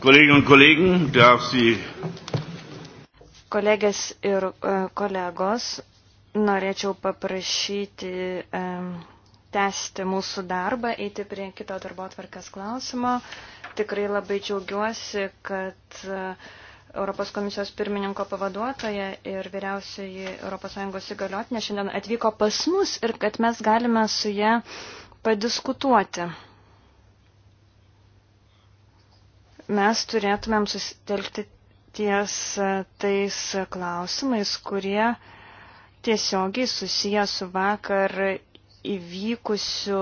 Kolleginnen und Kollegen, darf Sie. Kolegės ir e, kolegos, norėčiau paprašyti e, tęsti mūsų darbą, eiti prie kito darbo atvarkės klausimo. Tikrai labai džiaugiuosi, kad e, Europos komisijos pirmininko pavaduotoja ir vyriausioji ES įgaliotinė šiandien atvyko pas mus ir kad mes galime su ją padiskutuoti. mes turėtumėm susitelkti ties e, tais klausimais, kurie tiesiogiai susiję su vakar įvykusiu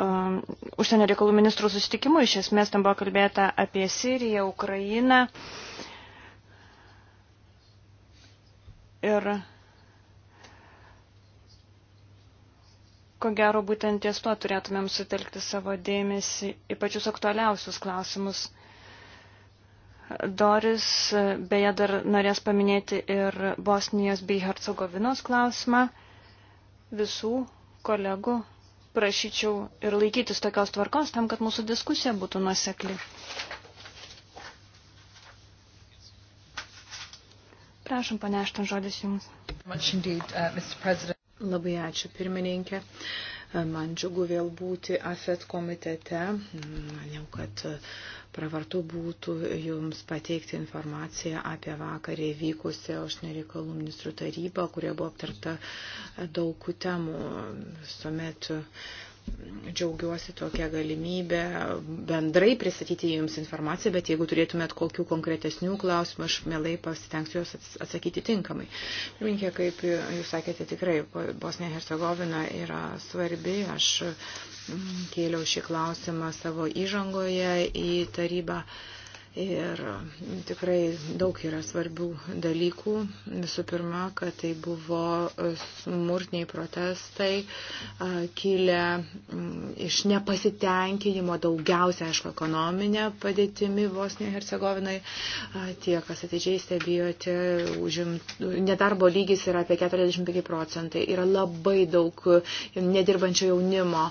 um, užsienio reikalų ministrų susitikimu. Iš esmės ten buvo kalbėta apie Siriją, Ukrainą. Ir ko gero būtent ties tuo turėtumėm sutelkti savo dėmesį į pačius aktualiausius klausimus. Doris beje dar norės paminėti ir Bosnijos bei Hercegovinos klausimą. Visų kolegų prašyčiau ir laikytis tokios tvarkos tam, kad mūsų diskusija būtų nuosekli. Prašom, paneštam žodis Jums. Uh, Labai ačiū, pirmininkė. Uh, Man džiugu vėl būti AFET komitete. Maniau, kad pravartu būtų jums pateikti informaciją apie vakarį vykusią užsienio reikalų ministrų tarybą, kurioje buvo aptarta daug temų. Visuomet džiaugiuosi tokią galimybę bendrai pristatyti jums informaciją, bet jeigu turėtumėt kokių konkretesnių klausimų, aš mielai pasitengsiu juos atsakyti tinkamai. Pirminkė, kaip jūs sakėte, tikrai Bosnija Hercegovina yra svarbi. Aš mm, kėliau šį klausimą savo įžangoje į tarybą. Ir mm, tikrai daug yra svarbių dalykų. Visų pirma, kad tai buvo e, smurtiniai protestai, kilę mm, iš nepasitenkinimo daugiausia, aišku, ekonominė padėtimi Bosnijoje Hercegovinai. Tie, kas atidžiai stebėjote, užimt, nedarbo lygis yra apie 45 procentai. Yra labai daug e, nedirbančio jaunimo,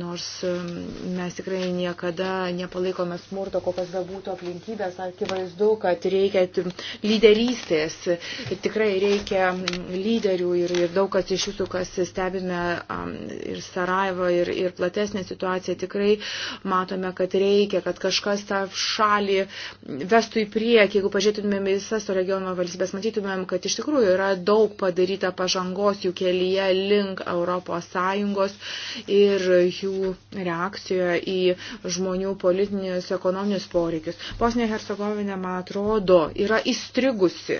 nors mes tikrai niekada nepalaikome smurto, kokias bebūtų aplinkybės aplinkybės akivaizdu, kad reikia lyderystės, tikrai reikia lyderių ir, ir daug kas iš jūsų, kas stebime ir Sarajevo, ir, ir platesnė situacija, tikrai matome, kad reikia, kad kažkas tą šalį vestų į priekį. Jeigu pažiūrėtumėm visas to regiono valstybės, matytumėm, kad iš tikrųjų yra daug padaryta pažangos jų kelyje link Europos Sąjungos ir jų reakcijoje į žmonių politinius, ekonominius poreikius. Bosnija Hercegovina, man atrodo, yra įstrigusi.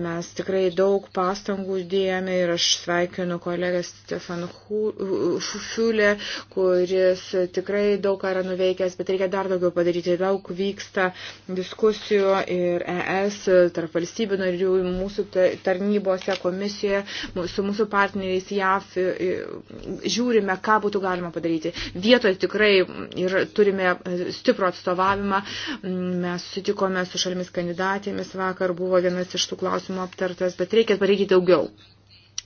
Mes tikrai daug pastangų dėjome ir aš sveikinu kolegą Stefan Fufiulę, kuris tikrai daug ką yra nuveikęs, bet reikia dar daugiau padaryti. Daug vyksta diskusijų ir ES tarp valstybių narių mūsų tarnybose, komisijoje, su mūsų partneriais JAF žiūrime, ką būtų galima padaryti. Vietoje tikrai ir turime e, stiprų atstovavimą, Mes sutikome su šalimis kandidatėmis vakar, buvo vienas iš tų klausimų aptartas, bet reikia padaryti daugiau.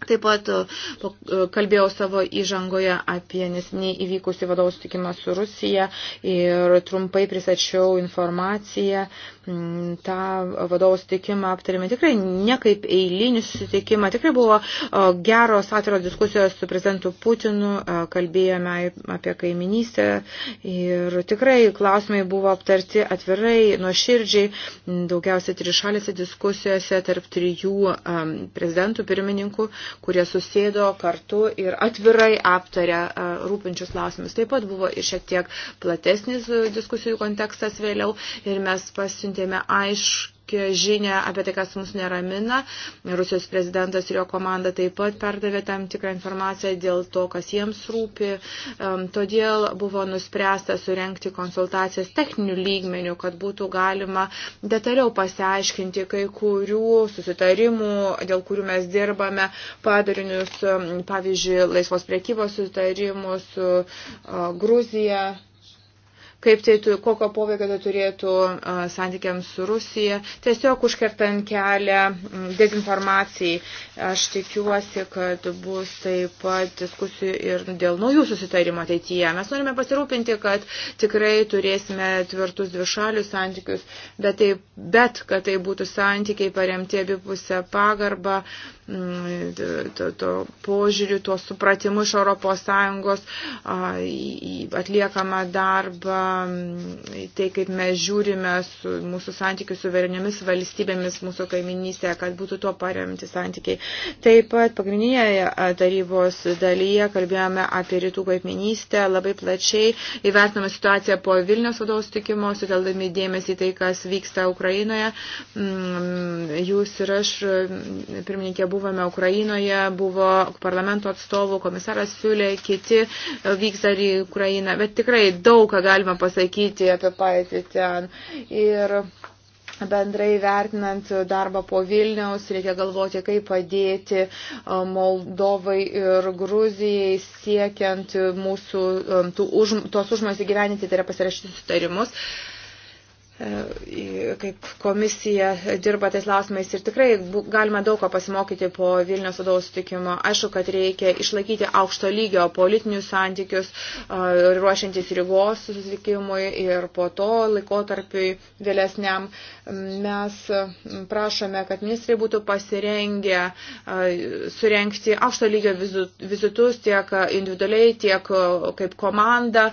Taip pat e, e, kalbėjau savo įžangoje apie nesiniai įvykusi vadovų sutikimą su Rusija ir trumpai pristačiau informaciją. Mm, Ta vadovų sutikimą aptarėme tikrai ne kaip eilinį sutikimą, tikrai buvo e, geros atviros diskusijos su prezidentu Putinu, kalbėjome apie kaiminystę ir tikrai klausimai buvo aptarti atvirai, nuoširdžiai, daugiausiai trišalėse diskusijose tarp trijų prezidentų pirmininkų kurie susėdo kartu ir atvirai aptarė e, rūpinčius klausimus. Taip pat buvo ir šiek tiek platesnis e, diskusijų kontekstas vėliau ir mes pasiuntėme aiškiai aiškę žinę apie tai, kas mus neramina. Rusijos prezidentas ir jo komanda taip pat perdavė tam tikrą informaciją dėl to, kas jiems rūpi. Todėl buvo nuspręsta surenkti konsultacijas techninių lygmenių, kad būtų galima detaliau pasiaiškinti kai kurių susitarimų, dėl kurių mes dirbame, padarinius, pavyzdžiui, laisvos priekybos susitarimus su Gruzija kaip tai, kokio poveikio tai turėtų santykiams su Rusija, tiesiog užkertant kelią dezinformacijai. Aš tikiuosi, kad bus taip pat diskusijų ir dėl naujų susitarimo ateityje. Mes norime pasirūpinti, kad tikrai turėsime tvirtus dvišalius santykius, bet, tai, bet kad tai būtų santykiai paremti abipusę pagarbą, to, to požiūrių, tuo supratimu iš ES atliekamą darbą Um, tai kaip mes žiūrime su mūsų santykių suvereniomis valstybėmis mūsų kaiminystėje, kad būtų tuo paremti santykiai. Taip pat pagrindinėje tarybos dalyje kalbėjome apie rytų kaiminystę, labai plačiai įvertinome situaciją po Vilnius vadovų sutikimo, suteldami dėmesį tai, kas vyksta Ukrainoje. Mm, jūs ir aš, pirmininkė, buvome Ukrainoje, buvo parlamento atstovų, komisaras Fiulė, kiti vyks dar į Ukrainą, bet tikrai daug ką galima pasakyti apie paėtį ten. Ir bendrai vertinant darbą po Vilniaus, reikia galvoti, kaip padėti e, Moldovai ir Gruzijai siekiant mūsų e, tų, už, tos užmos įgyveninti, tai yra pasirašyti sutarimus. Uh, E, kaip komisija dirba tais klausimais ir tikrai galima daug ko pasimokyti po Vilnius vadovų sutikimo. Aišku, kad reikia išlaikyti aukšto lygio politinius santykius, e, ruošiantis Rygos susitikimui ir po to laikotarpiui vėlesniam. Mes e, prašome, kad ministrai būtų pasirengę surenkti aukšto lygio vizitus tiek individualiai, tiek kaip komanda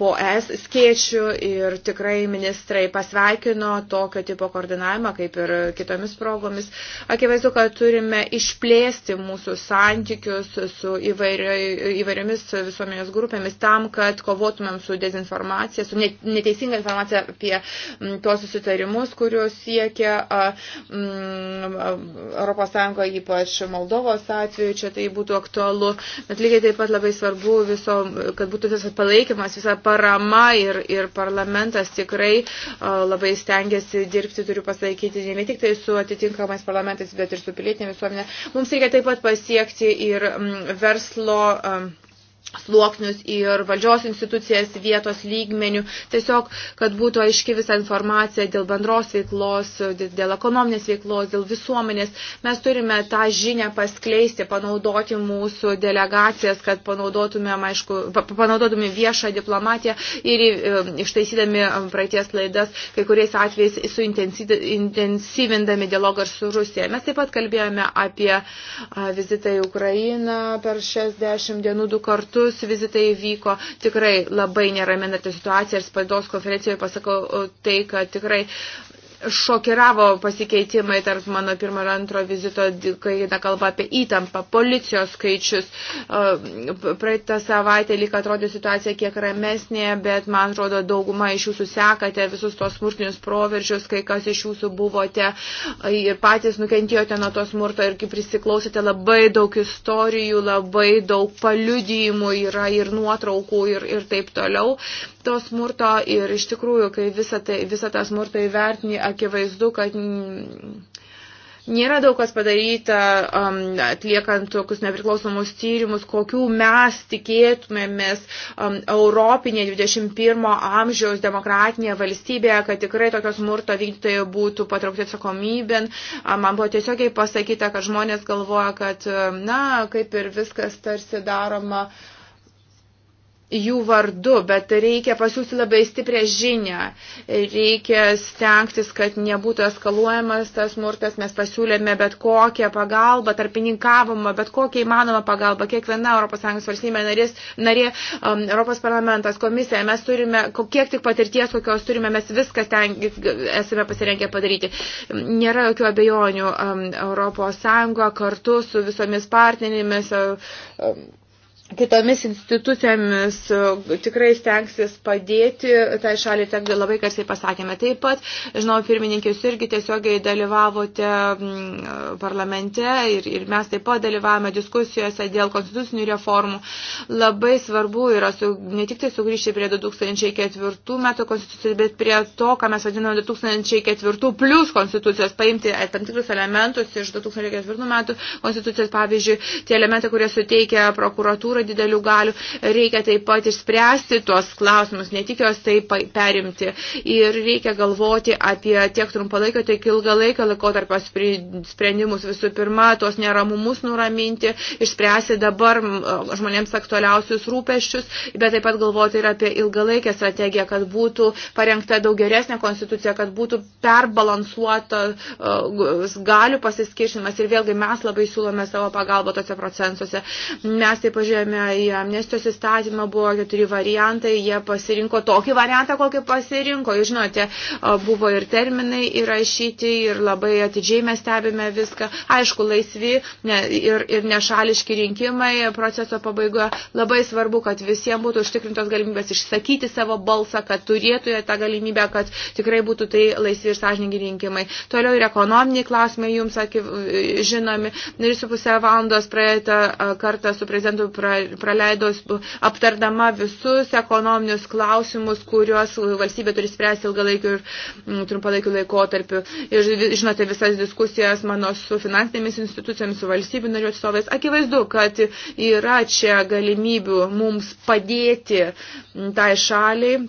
po S skėčių ir tikrai ministrai ministrai pasveikino tokio tipo koordinavimą, kaip ir kitomis progomis. Akivaizdu, kad turime išplėsti mūsų santykius su įvairiomis visuomenės grupėmis tam, kad kovotumėm su dezinformacija, su neteisinga informacija apie mm, tuos susitarimus, kuriuos siekia mm, Europos Sąjunga, ypač Moldovos atveju, čia tai būtų aktualu, bet lygiai taip pat labai svarbu viso, kad būtų visas palaikymas, visa parama ir, ir parlamentas tikrai labai stengiasi dirbti, turiu pasakyti, ne tik tai su atitinkamais parlamentais, bet ir su pilietinė visuomenė. Mums reikia taip pat pasiekti ir mm, verslo. Um, sluoksnius ir valdžios institucijas vietos lygmenių, tiesiog, kad būtų aiški visa informacija dėl bendros veiklos, dėl ekonominės veiklos, dėl visuomenės. Mes turime tą žinią paskleisti, panaudoti mūsų delegacijas, kad panaudotume, aišku, panaudotume viešą diplomatiją ir um, ištaisydami um, praeities klaidas, kai kuriais atvejais suintensyvindami dialogą su Rusija. Mes taip pat kalbėjome apie uh, vizitą į Ukrainą per 60 dienų du kartus kartus vizitai vyko. Tikrai labai neraminate situaciją ir spaidos konferencijoje pasakau tai, kad tikrai šokiravo pasikeitimai tarp mano pirmo ir antro vizito, kai eina kalba apie įtampą, policijos skaičius. Uh, praeitą savaitę lyg atrodė situacija kiek ramesnė, bet man atrodo dauguma iš jūsų sekate visus tos smurtinius proveržius, kai kas iš jūsų buvote uh, ir patys nukentėjote nuo to smurto ir kaip prisiklausėte labai daug istorijų, labai daug paliudijimų yra ir nuotraukų ir, ir taip toliau to smurto ir iš tikrųjų, kai visą, tai, visą tą smurtą įvertini, akivaizdu, kad nėra daug kas padaryta um, atliekant tokius nepriklausomus tyrimus, kokių mes tikėtumėmės um, Europinė 21 amžiaus demokratinėje valstybėje, kad tikrai tokios smurto vykdytojai būtų patraukti atsakomybėn. Um, man buvo tiesiogiai pasakyta, kad žmonės galvoja, kad, na, kaip ir viskas tarsi daroma. Uh, jų vardu, bet reikia pasiūsti labai stiprią žinę. Reikia stengtis, kad nebūtų eskaluojamas tas smurtas. Mes pasiūlėme bet kokią pagalbą, tarpininkavimą, bet kokią įmanomą pagalbą. Kiekviena ES valstybė narės, narė, um, Europos parlamentas, komisija, mes turime, kiek tik patirties, kokios turime, mes viską ten, esame pasirengę padaryti. Nėra jokių abejonių um, ES kartu su visomis partnerėmis. Uh, um, kitomis institucijomis e, tikrai stengsis padėti tai šaliai, tiek labai garsiai pasakėme. Taip pat, žinau, pirmininkė, jūs irgi tiesiogiai dalyvavote parlamente ir, ir mes taip pat dalyvavome diskusijose dėl konstitucinių reformų. Labai svarbu yra su, ne tik tai sugrįžti prie 2004 metų konstitucijos, bet prie to, ką mes vadiname 2004 plus konstitucijos, paimti e, tam tikrus elementus iš 2004 metų konstitucijos, pavyzdžiui, tie elementai, kurie suteikia prokuratūrai turi didelių galių, reikia taip pat išspręsti tuos klausimus, ne tik juos taip perimti. Ir reikia galvoti apie tiek trumpalaikio, tiek ilgalaikio laikotarpio sprendimus. Visų pirma, tuos neramumus nuraminti, išspręsti dabar žmonėms aktualiausius rūpeščius, bet taip pat galvoti ir apie ilgalaikę strategiją, kad būtų parengta daug geresnė konstitucija, kad būtų perbalansuota galių pasiskiršimas. Ir vėlgi mes labai siūlome savo pagalbą tose procesuose. Mes taip pažiūrėjome žiūrėjome į amnestijos įstatymą, buvo keturi variantai, jie pasirinko tokį variantą, kokį pasirinko. Jūs žinote, buvo ir terminai įrašyti ir labai atidžiai mes stebime viską. Aišku, laisvi ne, ir, ir nešališki rinkimai proceso pabaigoje. Labai svarbu, kad visiems būtų užtikrintos galimybės išsakyti savo balsą, kad turėtų tą galimybę, kad tikrai būtų tai laisvi ir sąžininkai rinkimai. Toliau ir ekonominiai klausimai jums, sakyv, žinomi. 3,5 valandos praeitą kartą su prezidentu praeitą praleido aptardama visus ekonominius klausimus, kuriuos valstybė turi spręsti ilgalaikiu ir mm, trumpalaikiu laikotarpiu. Ir žinote visas diskusijas mano su finansinėmis institucijomis, su valstybių narių atstovais. Akivaizdu, kad yra čia galimybių mums padėti mm, tai šaliai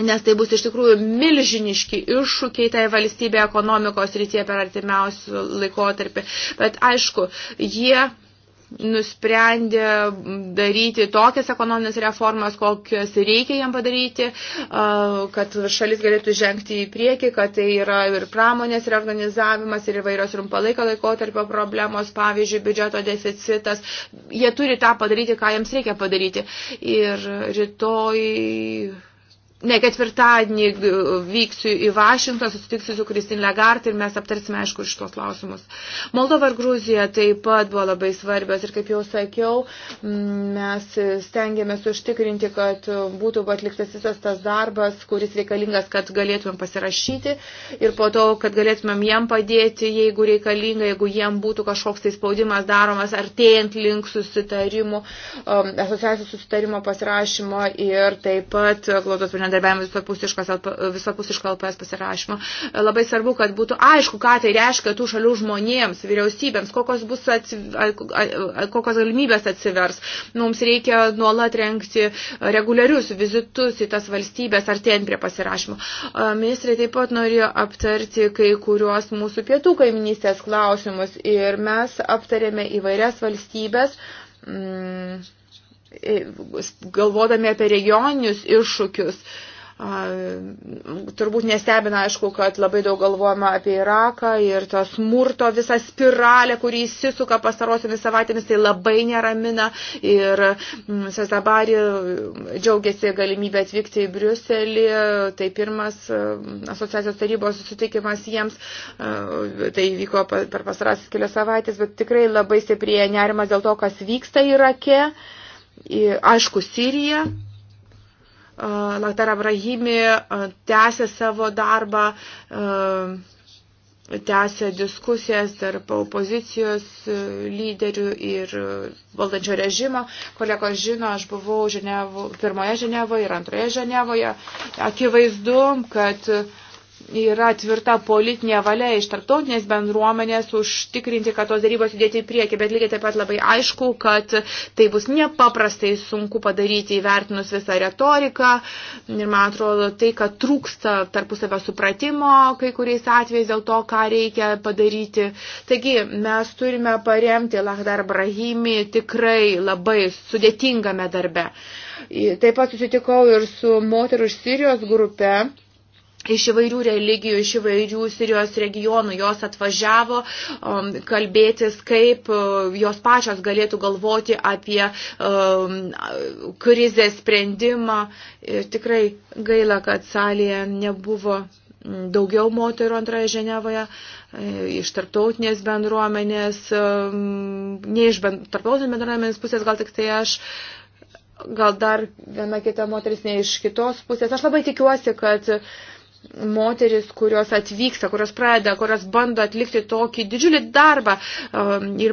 nes tai bus iš tikrųjų milžiniški iššūkiai tai valstybė ekonomikos rytie per artimiausių laikotarpį. Bet aišku, jie nusprendė daryti tokias ekonominės reformas, kokias reikia jam padaryti, kad šalis galėtų žengti į priekį, kad tai yra ir pramonės reorganizavimas, ir įvairios rumpalaiko laikotarpio problemos, pavyzdžiui, biudžeto deficitas. Jie turi tą padaryti, ką jiems reikia padaryti. Ir rytoj ne ketvirtadienį vyksiu į Vašingtą, susitiksiu su Kristin Legart ir mes aptarsime, aišku, šitos klausimus. Moldova ir Gruzija taip pat buvo labai svarbios ir, kaip jau sakiau, mes stengiamės užtikrinti, kad būtų atliktas visas tas darbas, kuris reikalingas, kad galėtumėm pasirašyti ir po to, kad galėtumėm jiem padėti, jeigu reikalinga, jeigu jiem būtų kažkoks tai spaudimas daromas artėjant link susitarimų, um, asociacijos susitarimo pasirašymo ir taip pat glaudos bendarbiavimo visapusiško LPS pasirašymo. Labai svarbu, kad būtų aišku, ką tai reiškia tų šalių žmonėms, vyriausybėms, kokios, bus atsi, kokios galimybės atsivers. Mums reikia nuolat renkti reguliarius vizitus į tas valstybės artėjant prie pasirašymo. Ministrai taip pat norėjo aptarti kai kuriuos mūsų pietų kaiminystės klausimus ir mes aptarėme įvairias valstybės. Mm galvodami apie regioninius iššūkius. Turbūt nestebina, aišku, kad labai daug galvojama apie Iraką ir to smurto visą spiralę, kurį įsisuka pastarosiomis savaitėmis, tai labai neramina. Ir mm, Sazabari džiaugiasi galimybę atvykti į Briuselį, tai pirmas asociacijos tarybos susitikimas jiems, tai vyko per pastarasis kelias savaitės, bet tikrai labai stiprėja nerimas dėl to, kas vyksta Irake. Ir Aišku, Sirija. Laktar Abrahimi tęsė savo darbą, tęsė diskusijas tarp opozicijos e, lyderių ir valdančio režimo. Kolegos žino, aš buvau Ženevo, pirmoje Ženevoje ir antroje Ženevoje. Akivaizdu, kad uh, yra tvirta politinė valia iš tarptautinės bendruomenės užtikrinti, kad tos darybos judėti į priekį, bet lygiai taip pat labai aišku, kad tai bus nepaprastai sunku padaryti įvertinus visą retoriką ir man atrodo tai, kad trūksta tarpusavio supratimo kai kuriais atvejais dėl to, ką reikia padaryti. Taigi mes turime paremti Lahdar Brahimi tikrai labai sudėtingame darbe. Taip pat susitikau ir su moterų iš Sirijos grupe iš įvairių religijų, iš įvairių Sirijos regionų. Jos atvažiavo um, kalbėtis, kaip uh, jos pačios galėtų galvoti apie um, krizės sprendimą. Ir tikrai gaila, kad salėje nebuvo mm, daugiau moterų antroje Ženevoje, e, iš tarptautinės bendruomenės, um, ne iš tarptautinės bendruomenės pusės, gal tik tai aš gal dar viena kita moteris ne iš kitos pusės. Aš labai tikiuosi, kad uh, moteris, kurios atvyksta, kurios pradeda, kurios bando atlikti tokį didžiulį darbą. Um, ir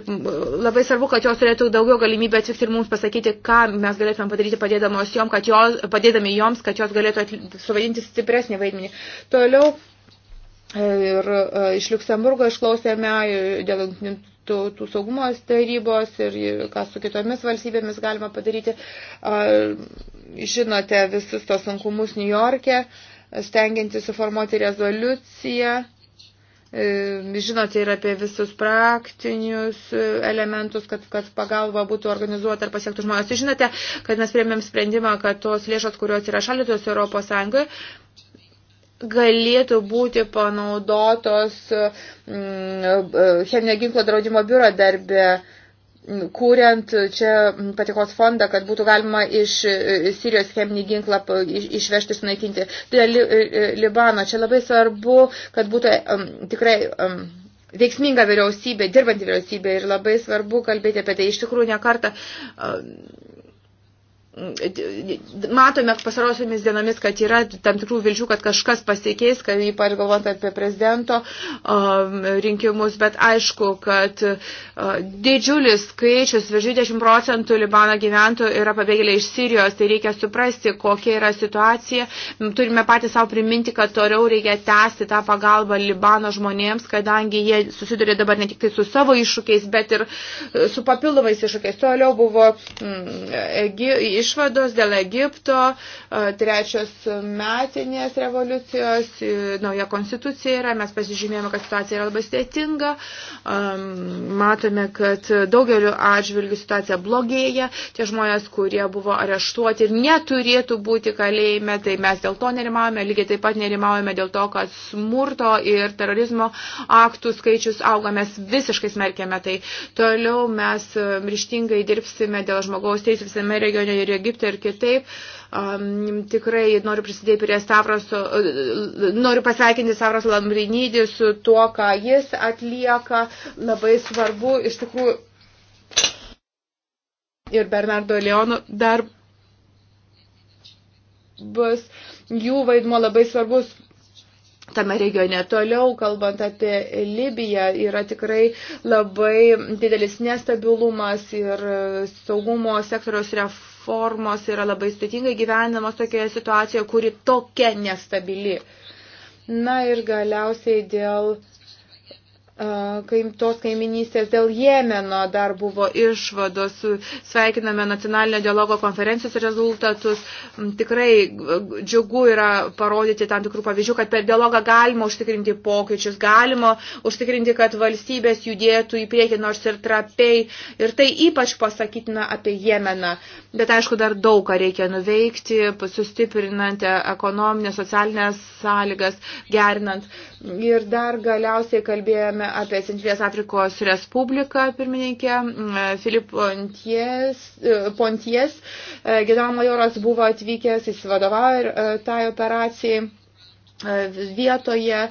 labai svarbu, kad jos turėtų daugiau galimybę atvykti ir mums pasakyti, ką mes galėtume padaryti padėdamos jom, kad jos, padėdami joms, kad jos galėtų suvaidinti stipresnį vaidmenį. Toliau e, ir e, iš Luksemburgo išklausėme e, dėl tų, tų saugumos tarybos ir ką su kitomis valstybėmis galima padaryti. Žinote visus tos sunkumus Niujorke. E stengianti suformuoti rezoliuciją. E, žinote ir apie visus praktinius e, elementus, kad, kad pagalba būtų organizuota ar pasiektų žmonės. Tai žinote, kad mes priėmėm sprendimą, kad tos lėšos, kurios yra šalytos Europos Sąjungoje, galėtų būti panaudotos mm, e, cheminio ginklo draudimo biuro darbe kuriant čia patikos fondą, kad būtų galima iš e, Sirijos cheminį ginklą išvežti, sunaikinti. Tai li, e, e, Libano, čia labai svarbu, kad būtų um, tikrai um, veiksminga vyriausybė, dirbanti vyriausybė ir labai svarbu kalbėti apie tai. Iš tikrųjų, nekartą um, Mm, matome pasarosiomis dienomis, kad yra tam tikrų vilčių, kad kažkas pasikeis, kad ypač galvant apie prezidento um, rinkimus, bet aišku, kad uh, didžiulis skaičius, virš 20 procentų Libano gyventojų yra pabėgėliai iš Sirijos, tai reikia suprasti, kokia yra situacija. Turime patys savo priminti, kad toliau reikia tęsti tą pagalbą Libano žmonėms, kadangi jie susiduria dabar ne tik tai su savo iššūkiais, bet ir uh, su papildomais iššūkiais. Toliau buvo mm, iš išvados dėl Egipto, trečios metinės revoliucijos, nauja konstitucija yra, mes pasižymėjome, kad situacija yra labai stėtinga, matome, kad daugeliu atžvilgių situacija blogėja, tie žmonės, kurie buvo areštuoti ir neturėtų būti kalėjime, tai mes dėl to nerimavome, lygiai taip pat nerimavome dėl to, kad smurto ir terorizmo aktų skaičius auga, mes visiškai smerkėme tai. Toliau mes ryštingai dirbsime dėl žmogaus teisų visame regione ir Egipte ir kitaip. Um, tikrai noriu prisidėti prie Stavroso, noriu pasveikinti Stavros Lambrinydį su tuo, ką jis atlieka. Labai svarbu, iš tikrųjų, ir Bernardo Leono dar bus jų vaidmo labai svarbus tame regione. Toliau, kalbant apie Libiją, yra tikrai labai didelis nestabilumas ir saugumo sektoriaus ref, reformos yra labai sudėtingai gyvenamos tokioje situacijoje, kuri tokia nestabili. Na ir galiausiai dėl uh, kaim, tos kaiminystės dėl Jemeno dar buvo išvados. Sveikiname nacionalinio dialogo konferencijos rezultatus. Mm, tikrai džiugu yra parodyti tam tikrų pavyzdžių, kad per dialogą galima užtikrinti pokyčius, galima užtikrinti, kad valstybės judėtų į priekį nors ir trapiai. Ir tai ypač pasakytina apie Jemeną. Bet aišku, dar daug ką reikia nuveikti, sustiprinant ekonominės, socialinės sąlygas, gerinant. Ir dar galiausiai kalbėjome apie Centrinės Afrikos Respubliką pirmininkė. E, Filip Ponties, e, Ponties e, generalmajoras buvo atvykęs, jis vadovavo tai operacijai vietoje,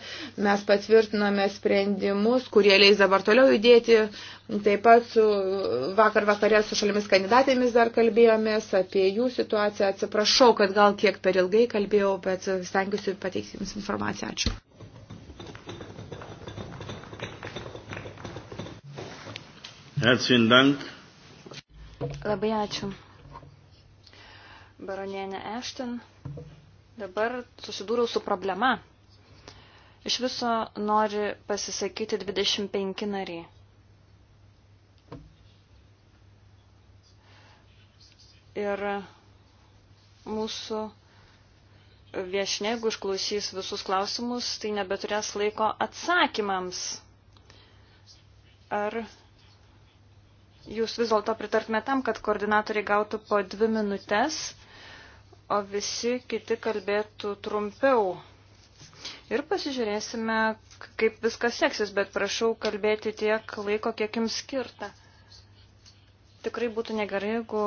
mes patvirtiname sprendimus, kurie leis dabar toliau judėti. Taip pat su, vakar vakarė su šalimis kandidatėmis dar kalbėjomės apie jų situaciją. Atsiprašau, kad gal kiek per ilgai kalbėjau, bet stengiuosi pateikti jums informaciją. Ačiū. Herzlichen Dank. Labai ačiū. Baronienė Ešten, dabar susidūriau su problema. Iš viso nori pasisakyti 25 nariai. Ir mūsų viešinė, jeigu išklausys visus klausimus, tai nebeturės laiko atsakymams. Ar jūs vis dėlto pritartume tam, kad koordinatoriai gautų po dvi minutės, o visi kiti kalbėtų trumpiau. Ir pasižiūrėsime, kaip viskas seksis, bet prašau kalbėti tiek laiko, kiek jums skirta. Tikrai būtų negerai, jeigu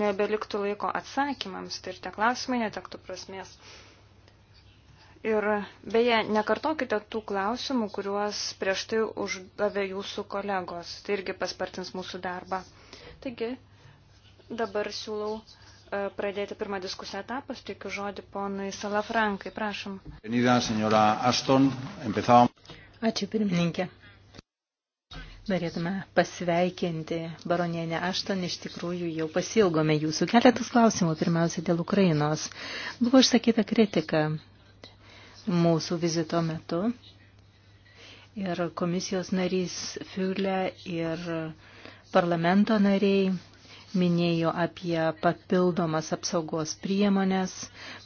nebeliktų laiko atsakymams, tai ir tie klausimai netektų prasmės. Ir beje, nekartokite tų klausimų, kuriuos prieš tai uždavė jūsų kolegos. Tai irgi paspartins mūsų darbą. Taigi, dabar siūlau e, pradėti pirmą diskusiją etapą. Teikiu žodį ponai Salafrankai. Prašom. Ačiū pirmininkė. Norėtume pasveikinti baronienę Ašton, iš tikrųjų jau pasilgome jūsų. Keletas klausimų, pirmiausia, dėl Ukrainos. Buvo išsakyta kritika mūsų vizito metu. Ir komisijos narys Fiulė ir parlamento nariai minėjo apie papildomas apsaugos priemonės.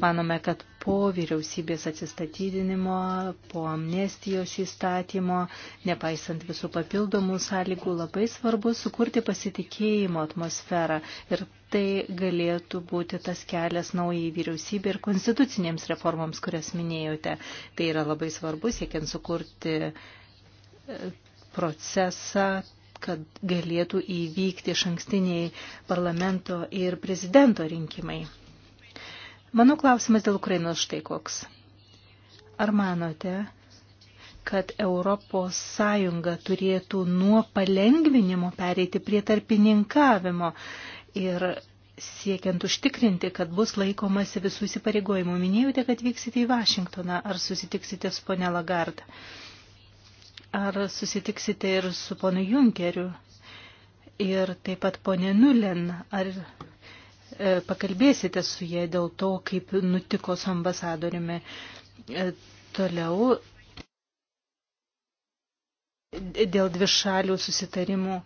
Manome, kad po vyriausybės atsistatydinimo, po amnestijos įstatymo, nepaisant visų papildomų sąlygų, labai svarbu sukurti pasitikėjimo atmosferą ir tai galėtų būti tas kelias naujai vyriausybė ir konstitucinėms reformoms, kurias minėjote. Tai yra labai svarbu, siekiant sukurti e, procesą, kad galėtų įvykti šankstiniai parlamento ir prezidento rinkimai. Mano klausimas dėl Ukrainos štai koks. Ar manote, kad Europos Sąjunga turėtų nuo palengvinimo pereiti prie tarpininkavimo, uh, ir siekiant užtikrinti, kad bus laikomasi visų įsipareigojimų. Minėjote, kad vyksite į Vašingtoną, ar susitiksite su ponia Lagarda, ar susitiksite ir su ponu Junkeriu, ir taip pat ponė Nulen, ar e, pakalbėsite su jie dėl to, kaip nutiko su ambasadoriumi. E, toliau dėl dvišalių susitarimų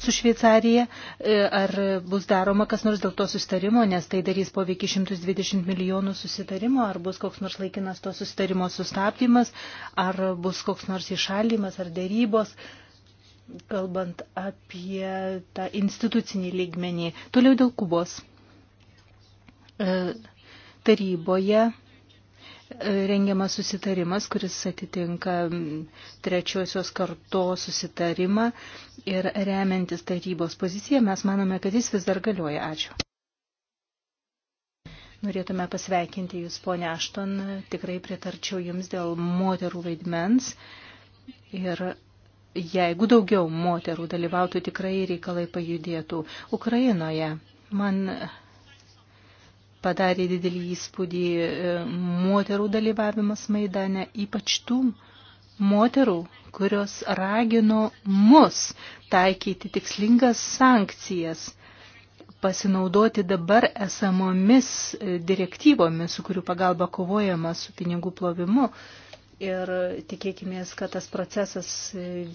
su Šveicarija, e, ar bus daroma kas nors dėl to susitarimo, nes tai darys poveikį 120 milijonų susitarimo, ar bus koks nors laikinas to susitarimo sustabdymas, ar bus koks nors išalymas ar dėrybos kalbant apie tą institucinį lygmenį. Toliau dėl Kubos. E, taryboje rengiamas susitarimas, kuris atitinka trečiosios kartos susitarimą ir remiantis tarybos poziciją, mes manome, kad jis vis dar galioja. Ačiū. Norėtume pasveikinti Jūs, ponia Ašton, tikrai pritarčiau Jums dėl moterų vaidmens ir jeigu daugiau moterų dalyvautų, tikrai reikalai pajudėtų Ukrainoje. Man padarė didelį įspūdį e, moterų dalyvavimas Maidane, ypač tų moterų, kurios ragino mus taikyti tikslingas sankcijas, pasinaudoti dabar esamomis e, direktyvomis, su kurių pagalba kovojama su pinigų plovimu ir tikėkime, kad tas procesas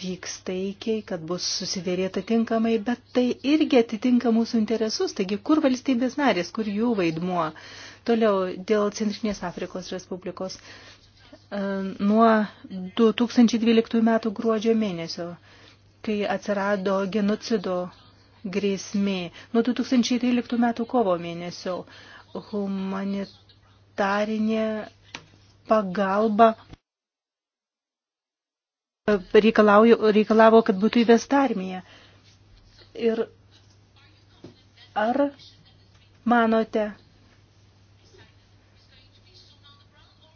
vyks taikiai, kad bus susidėrėta tinkamai, bet tai irgi atitinka mūsų interesus. Taigi, kur valstybės narės, kur jų vaidmuo? Toliau, dėl Centrinės Afrikos Respublikos. E, nuo 2012 metų gruodžio mėnesio, kai atsirado genocido grėsmė, nuo 2013 metų kovo mėnesio humanitarinė pagalba reikalavo, kad būtų įvesta armija. Ir ar manote,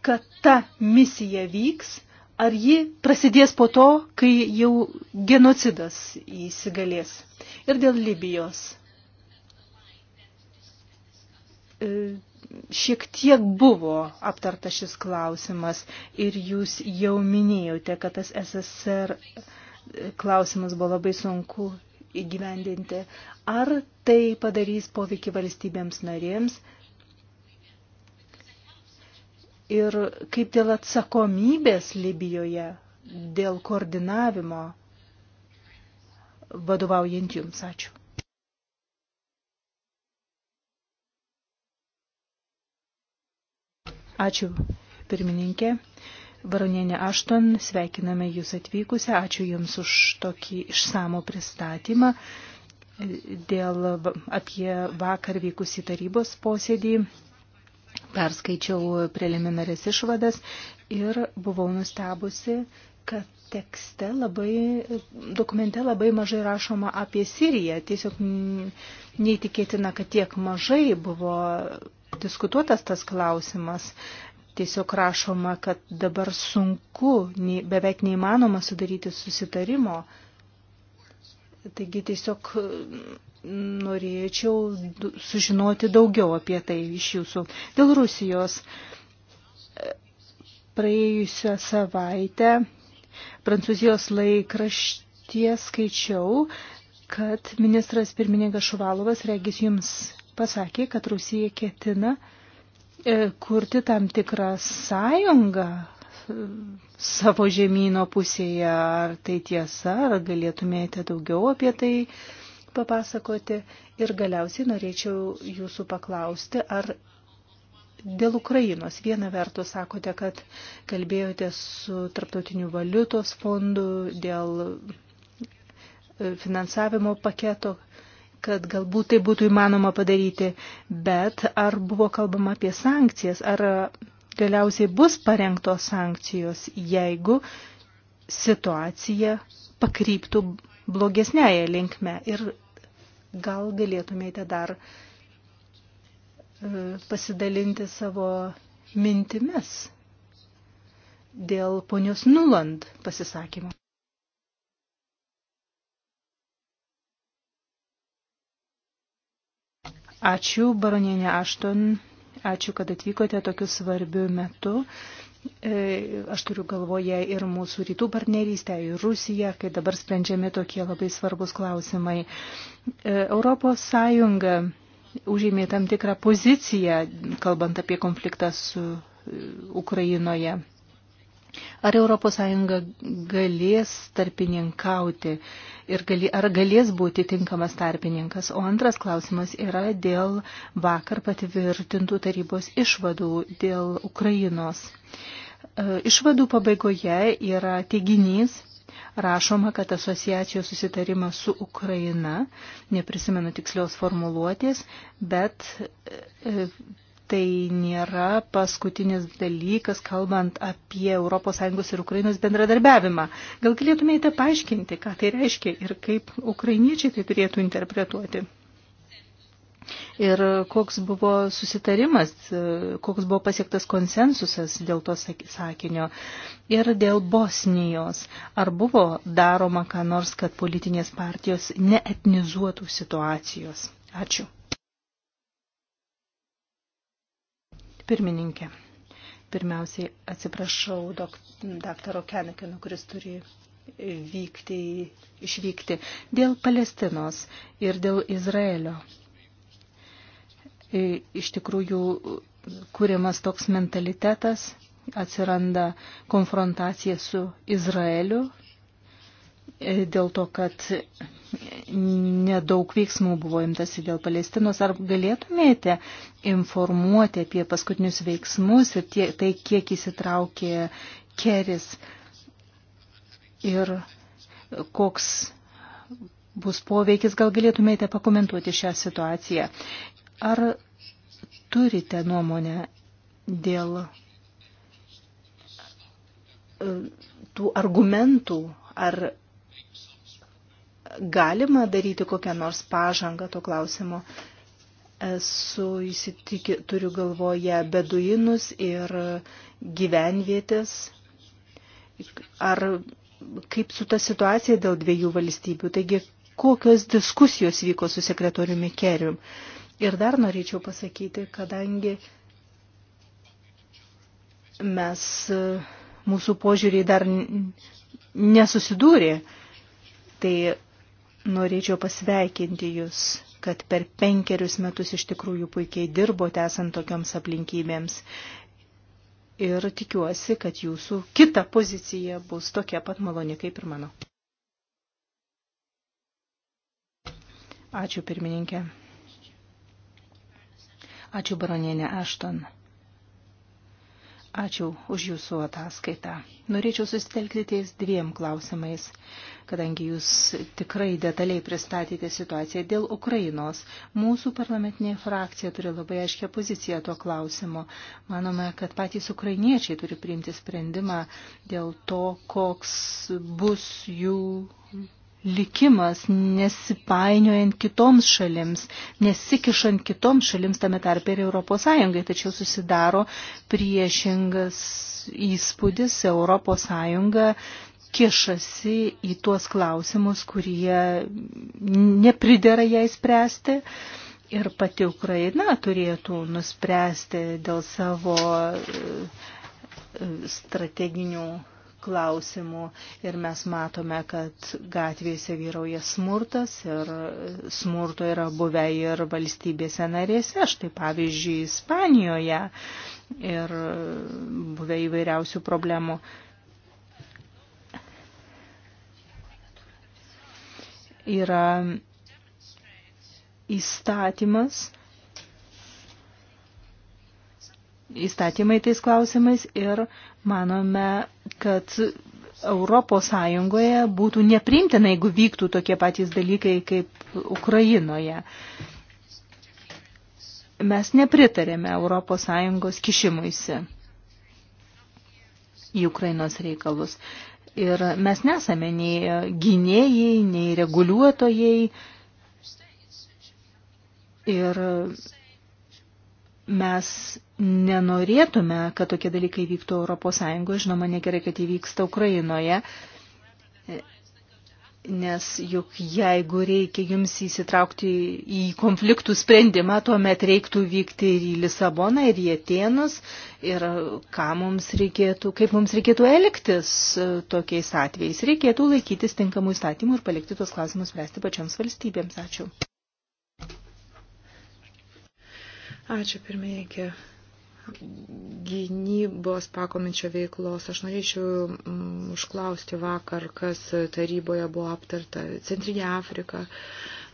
kad ta misija vyks, ar ji prasidės po to, kai jau genocidas įsigalės? Ir dėl Libijos. E, šiek tiek buvo aptarta šis klausimas ir jūs jau minėjote, kad tas SSR klausimas buvo labai sunku įgyvendinti. Ar tai padarys poveikį valstybėms narėms? Ir kaip dėl atsakomybės Libijoje, dėl koordinavimo vadovaujant jums? Ačiū. Ačiū, pirmininkė. Baronienė Ašton, sveikiname Jūs atvykusią, ačiū Jums už tokį išsamų pristatymą dėl apie vakar vykusį tarybos posėdį. Perskaičiau preliminarės išvadas ir buvau nustebusi, kad tekste labai, dokumente labai mažai rašoma apie Siriją. Tiesiog neįtikėtina, kad tiek mažai buvo diskutuotas tas klausimas. Tiesiog rašoma, kad dabar sunku, beveik neįmanoma sudaryti susitarimo. Taigi tiesiog norėčiau sužinoti daugiau apie tai iš jūsų. Dėl Rusijos praėjusią savaitę Prancūzijos laikraštie skaičiau, kad ministras pirmininkas Šuvalovas regis jums pasakė, kad Rusija ketina e, kurti tam tikrą sąjungą e, savo žemynų pusėje. Ar tai tiesa, ar galėtumėte daugiau apie tai papasakoti? Ir galiausiai norėčiau jūsų paklausti, ar Dėl Ukrainos viena vertus sakote, kad kalbėjote su Tarptautiniu valiutos fondu dėl e, finansavimo paketo, kad galbūt tai būtų įmanoma padaryti, bet ar buvo kalbama apie sankcijas, ar galiausiai bus parengtos sankcijos, jeigu situacija pakryptų blogesnėje linkme ir gal galėtumėte dar uh, pasidalinti savo mintimis dėl ponios Nuland pasisakymo. Ačiū, baronienė Ašton, ačiū, kad atvykote tokiu svarbiu metu. E, aš turiu galvoje ir mūsų rytų partnerystę, ir Rusiją, kai dabar sprendžiami tokie labai svarbus klausimai. E, Europos Sąjunga užėmė tam tikrą poziciją, kalbant apie konfliktą su e, Ukrainoje. Ar ES galės tarpininkauti ir gali, ar galės būti tinkamas tarpininkas? O antras klausimas yra dėl vakar patvirtintų tarybos išvadų dėl Ukrainos. E, išvadų pabaigoje yra teiginys, rašoma, kad asociacijos susitarimas su Ukraina, neprisimenu tikslios formuluotės, bet e, tai nėra paskutinis dalykas, kalbant apie ES ir Ukrainos bendradarbiavimą. Gal galėtumėte paaiškinti, ką tai reiškia ir kaip ukrainiečiai tai turėtų interpretuoti? Ir koks buvo susitarimas, koks buvo pasiektas konsensusas dėl to sakinio ir dėl Bosnijos. Ar buvo daroma ką nors, kad politinės partijos neetnizuotų situacijos? Ačiū. Pirmininkė. Pirmiausiai atsiprašau daktaro Kenekino, kuris turi vykti, išvykti dėl Palestinos ir dėl Izraelio iš tikrųjų kūriamas toks mentalitetas, atsiranda konfrontacija su Izraeliu e, dėl to, kad nedaug veiksmų buvo imtasi dėl Palestinos. Ar galėtumėte informuoti apie paskutinius veiksmus ir tie, tai, kiek įsitraukė Keris ir koks bus poveikis, gal galėtumėte pakomentuoti šią situaciją. Ar turite nuomonę dėl e, tų argumentų, ar galima daryti kokią nors pažangą to klausimo? Esu įsitikė, turiu galvoje beduinus ir gyvenvietės. Ar kaip su ta situacija dėl dviejų valstybių? Taigi, kokios diskusijos vyko su sekretoriumi Kerium? Uh, Ir dar norėčiau pasakyti, kadangi mes, mūsų požiūriai dar nesusidūrė, tai norėčiau pasveikinti Jūs, kad per penkerius metus iš tikrųjų puikiai dirbote esant tokioms aplinkybėms. Ir tikiuosi, kad Jūsų kita pozicija bus tokia pat maloni kaip ir mano. Ačiū pirmininkė. Ačiū, baronienė Ašton. Ačiū už jūsų ataskaitą. Norėčiau susitelkti ties dviem klausimais, kadangi jūs tikrai detaliai pristatėte situaciją dėl Ukrainos. Mūsų parlamentinė frakcija turi labai aiškę poziciją tuo klausimu. Manome, kad patys ukrainiečiai turi priimti sprendimą dėl to, koks bus jų likimas, nesipainiojant kitoms šalims, nesikišant kitoms šalims tame tarpe ir Europos Sąjungai, tačiau susidaro priešingas įspūdis Europos Sąjunga kišasi į tuos klausimus, kurie nepridėra jai spręsti. Ir pati Ukraina turėtų nuspręsti dėl savo e, strateginių klausimų ir mes matome, kad gatvėse vyrauja smurtas ir smurto yra buvę ir valstybėse narėse, štai pavyzdžiui, Ispanijoje ir buvę įvairiausių problemų. Yra įstatymas įstatymai tais klausimais ir manome, kad Europos Sąjungoje būtų neprimtina, jeigu vyktų tokie patys dalykai kaip Ukrainoje. Mes nepritarėme Europos Sąjungos kišimuisi į Ukrainos reikalus. Ir mes nesame nei gynėjai, nei reguliuotojai. Ir mes nenorėtume, kad tokie dalykai vyktų Europos Sąjungoje, žinoma, negerai, kad įvyksta Ukrainoje, nes juk jeigu reikia jums įsitraukti į konfliktų sprendimą, tuomet reiktų vykti ir į Lisaboną, ir į Atenus, ir ką mums reikėtų, kaip mums reikėtų elgtis tokiais atvejais. Reikėtų laikytis tinkamų įstatymų ir palikti tuos klausimus spręsti pačioms valstybėms. Ačiū. Ačiū pirmininkė gynybos pakomičio veiklos. Aš norėčiau mm, užklausti vakar, kas taryboje buvo aptarta. Centrinė Afrika.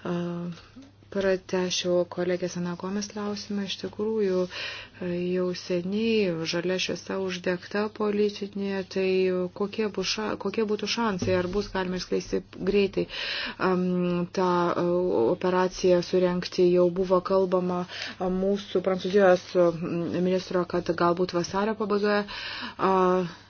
Uh, pratešiau kolegės Anakomės klausimą. Iš tikrųjų, e, jau seniai žalia šviesa uždegta politinė, tai kokie, buša, kokie būtų šansai, ar bus galima išskleisti greitai um, tą e, operaciją surenkti. Jau buvo kalbama e, mūsų prancūzijos ministro, kad galbūt vasario pabaigoje. Uh,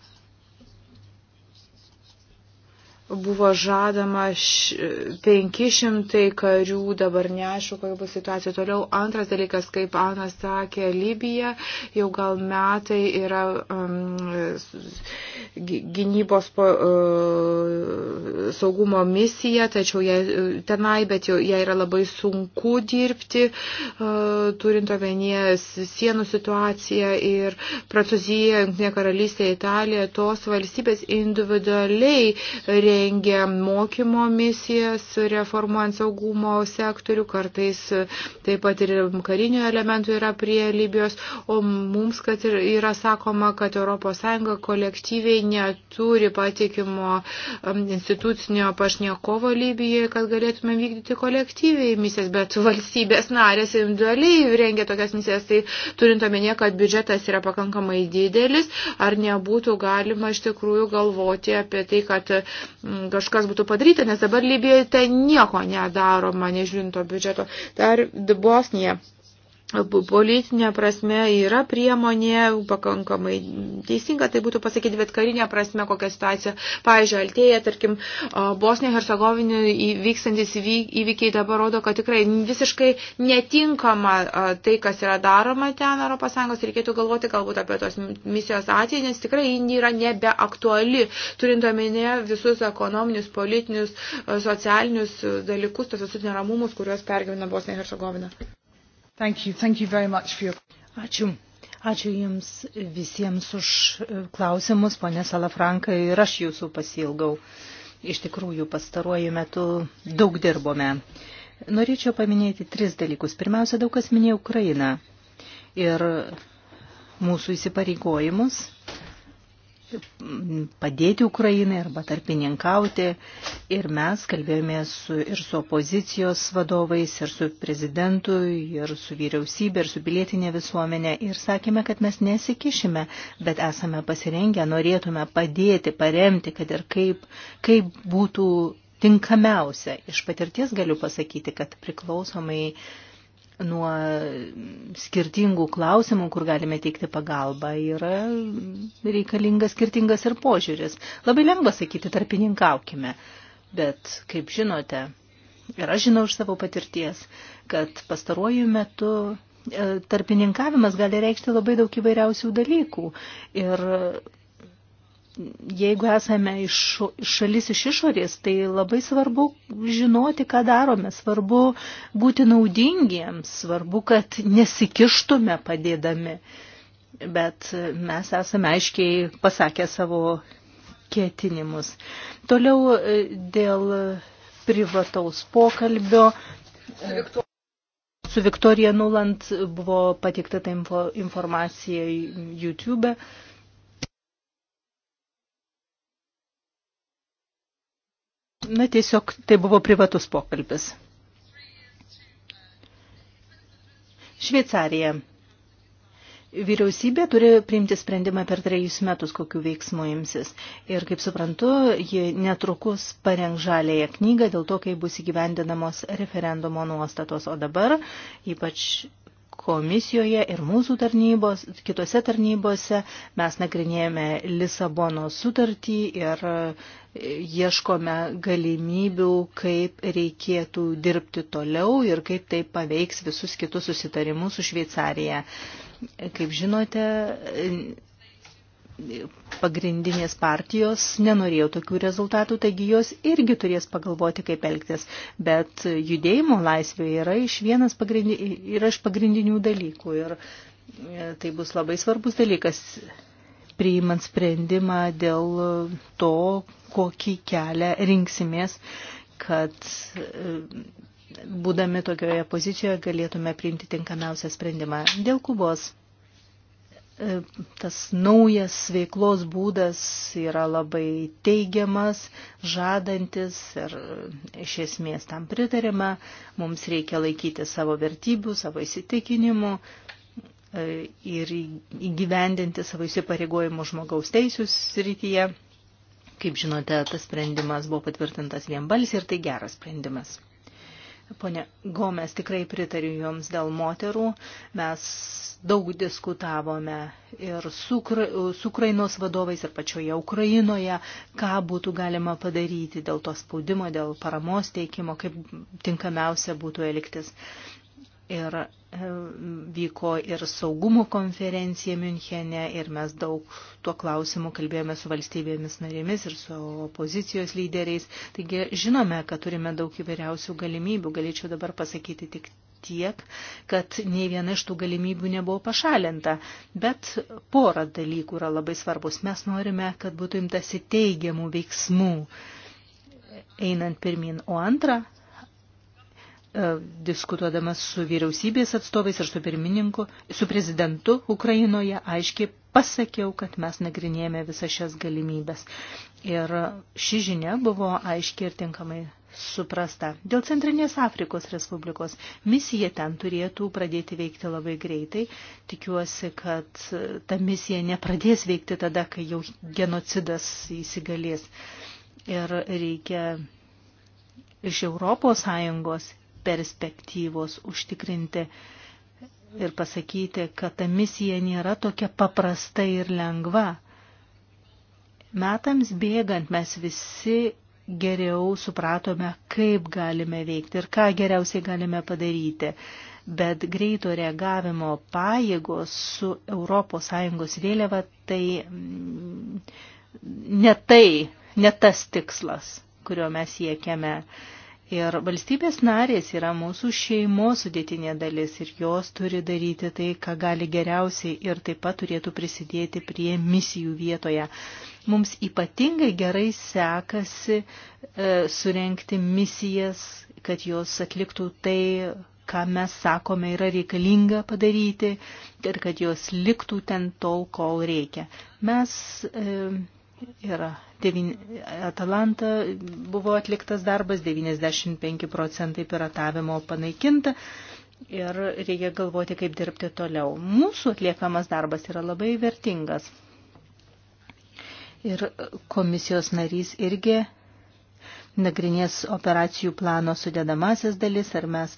buvo žadama 500 karių, dabar neaišku, kokia bus situacija toliau. Antras dalykas, kaip Anas sakė, Libija jau gal metai yra um, gynybos po, uh, saugumo misija, tačiau jie uh, tenai, bet jau jie yra labai sunku dirbti, uh, turint omenyje sienų situaciją ir Prancūzija, Junktinė karalystė, Italija, tos valstybės individualiai reikia rengia mokymo misijas, reformuojant saugumo sektorių, kartais taip pat ir karinių elementų yra prie Libijos, o mums, kad yra sakoma, kad ES kolektyviai neturi patikimo um, institucinio pašnekovo Libijoje, kad galėtume vykdyti kolektyviai misijas, bet valstybės narės individualiai rengia tokias misijas, tai turint omenyje, kad biudžetas yra pakankamai didelis, ar nebūtų galima iš tikrųjų galvoti apie tai, kad kažkas būtų padaryta, nes dabar Libijoje ten nieko nedaroma, nežiūrint to biudžeto. Dar Bosnija politinė prasme yra priemonė, pakankamai teisinga, tai būtų pasakyti, bet karinė prasme kokia situacija. Pavyzdžiui, Altėje, tarkim, Bosnija Hercegovina vykstantis įvykiai dabar rodo, kad tikrai visiškai netinkama tai, kas yra daroma ten ES, reikėtų galvoti galbūt apie tos misijos ateitį, nes tikrai Indija yra nebeaktuali, turint omenyje visus ekonominius, politinius, socialinius dalykus, tos visus neramumus, kuriuos pergyvena Bosnija Hercegovina. Thank you. Thank you very much for your... Ačiū. Ačiū Jums visiems už e, klausimus, ponė Salafranka, ir aš Jūsų pasilgau. Iš tikrųjų, pastaruoju metu daug dirbome. Norėčiau paminėti tris dalykus. Pirmiausia, daug kas minėjo Ukrainą ir mūsų įsipareigojimus padėti Ukrainai arba tarpininkauti. Ir mes kalbėjome su, ir su opozicijos vadovais, ir su prezidentu, ir su vyriausybė, ir su pilietinė visuomenė. Ir sakėme, kad mes nesikišime, bet esame pasirengę, norėtume padėti, paremti, kad ir kaip, kaip būtų tinkamiausia. Iš patirties galiu pasakyti, kad priklausomai uh, nuo skirtingų klausimų, kur galime teikti pagalbą, yra reikalingas skirtingas ir požiūris. Labai lengva sakyti, tarpininkaukime, bet, kaip žinote, ir aš žinau iš savo patirties, kad pastaruoju metu e, tarpininkavimas gali reikšti labai daug įvairiausių dalykų. Ir jeigu esame iš šalis iš išorės, tai labai svarbu žinoti, ką darome, svarbu būti naudingiems, svarbu, kad nesikištume padėdami. Bet mes esame aiškiai pasakę savo ketinimus. Toliau e, dėl privataus pokalbio. E, su Viktorija Nuland buvo patikta ta info, informacija YouTube. E. Na, tiesiog tai buvo privatus pokalbis. Šveicarija. Vyriausybė turi priimti sprendimą per trejus metus, kokiu veiksmu imsis. Ir kaip suprantu, ji netrukus pareng žalėje knygą dėl to, kai bus įgyvendinamos referendumo nuostatos. O dabar, ypač komisijoje ir mūsų tarnybos, kitose tarnybose mes nagrinėjame Lisabono sutartį ir e, ieškome galimybių, kaip reikėtų dirbti toliau ir kaip tai paveiks visus kitus susitarimus su Šveicarija. Kaip žinote, pagrindinės partijos nenorėjo tokių rezultatų, taigi jos irgi turės pagalvoti, kaip elgtis. Bet judėjimo laisvė yra iš, vienas pagrindi, yra iš pagrindinių dalykų ir e, tai bus labai svarbus dalykas priimant sprendimą dėl to, kokį kelią rinksimės, kad e, būdami tokioje pozicijoje galėtume priimti tinkamiausią sprendimą dėl Kubos. E, tas naujas veiklos būdas yra labai teigiamas, žadantis ir iš esmės tam pritarėme, mums reikia laikyti savo vertybių, savo įsitikinimų e, ir įgyvendinti savo įsipareigojimų žmogaus teisų srityje. Kaip žinote, tas sprendimas buvo patvirtintas vienbalsiai ir tai geras sprendimas. Pone Gomes, tikrai pritariu Jums dėl moterų. Mes daug diskutavome ir su, su Ukrainos vadovais ir pačioje Ukrainoje, ką būtų galima padaryti dėl to spaudimo, dėl paramos teikimo, kaip tinkamiausia būtų elgtis ir e, vyko ir saugumo konferencija Münchene ir mes daug tuo klausimu kalbėjome su valstybėmis narėmis ir su opozicijos lyderiais. Taigi žinome, kad turime daug įvairiausių galimybių. Galėčiau dabar pasakyti tik tiek, kad nei viena iš tų galimybių nebuvo pašalinta. Bet pora dalykų yra labai svarbus. Mes norime, kad būtų imtasi teigiamų veiksmų einant pirmin. O antra, E, diskutuodamas su vyriausybės atstovais ir su pirmininku, su prezidentu Ukrainoje, aiškiai pasakiau, kad mes nagrinėjame visas šias galimybės. Ir ši žinia buvo aiškiai ir tinkamai suprasta. Dėl Centrinės Afrikos Respublikos misija ten turėtų pradėti veikti labai greitai. Tikiuosi, kad ta misija nepradės veikti tada, kai jau genocidas įsigalės. Ir reikia iš Europos Sąjungos perspektyvos užtikrinti ir pasakyti, kad ta misija nėra tokia paprasta ir lengva. Metams bėgant mes visi geriau supratome, kaip galime veikti ir ką geriausiai galime padaryti. Bet greito reagavimo pajėgos su ES vėliava tai mm, ne tai, ne tas tikslas, kurio mes siekiame. Ir valstybės narės yra mūsų šeimos sudėtinė dalis ir jos turi daryti tai, ką gali geriausiai ir taip pat turėtų prisidėti prie misijų vietoje. Mums ypatingai gerai sekasi e, surenkti misijas, kad jos atliktų tai, ką mes sakome yra reikalinga padaryti ir kad jos liktų ten tol, kol reikia. Mes e, yra devyn, Atalanta buvo atliktas darbas, 95 procentai piratavimo panaikinta ir reikia galvoti, kaip dirbti toliau. Mūsų atliekamas darbas yra labai vertingas. Ir komisijos narys irgi nagrinės operacijų plano sudėdamasis dalis, ar mes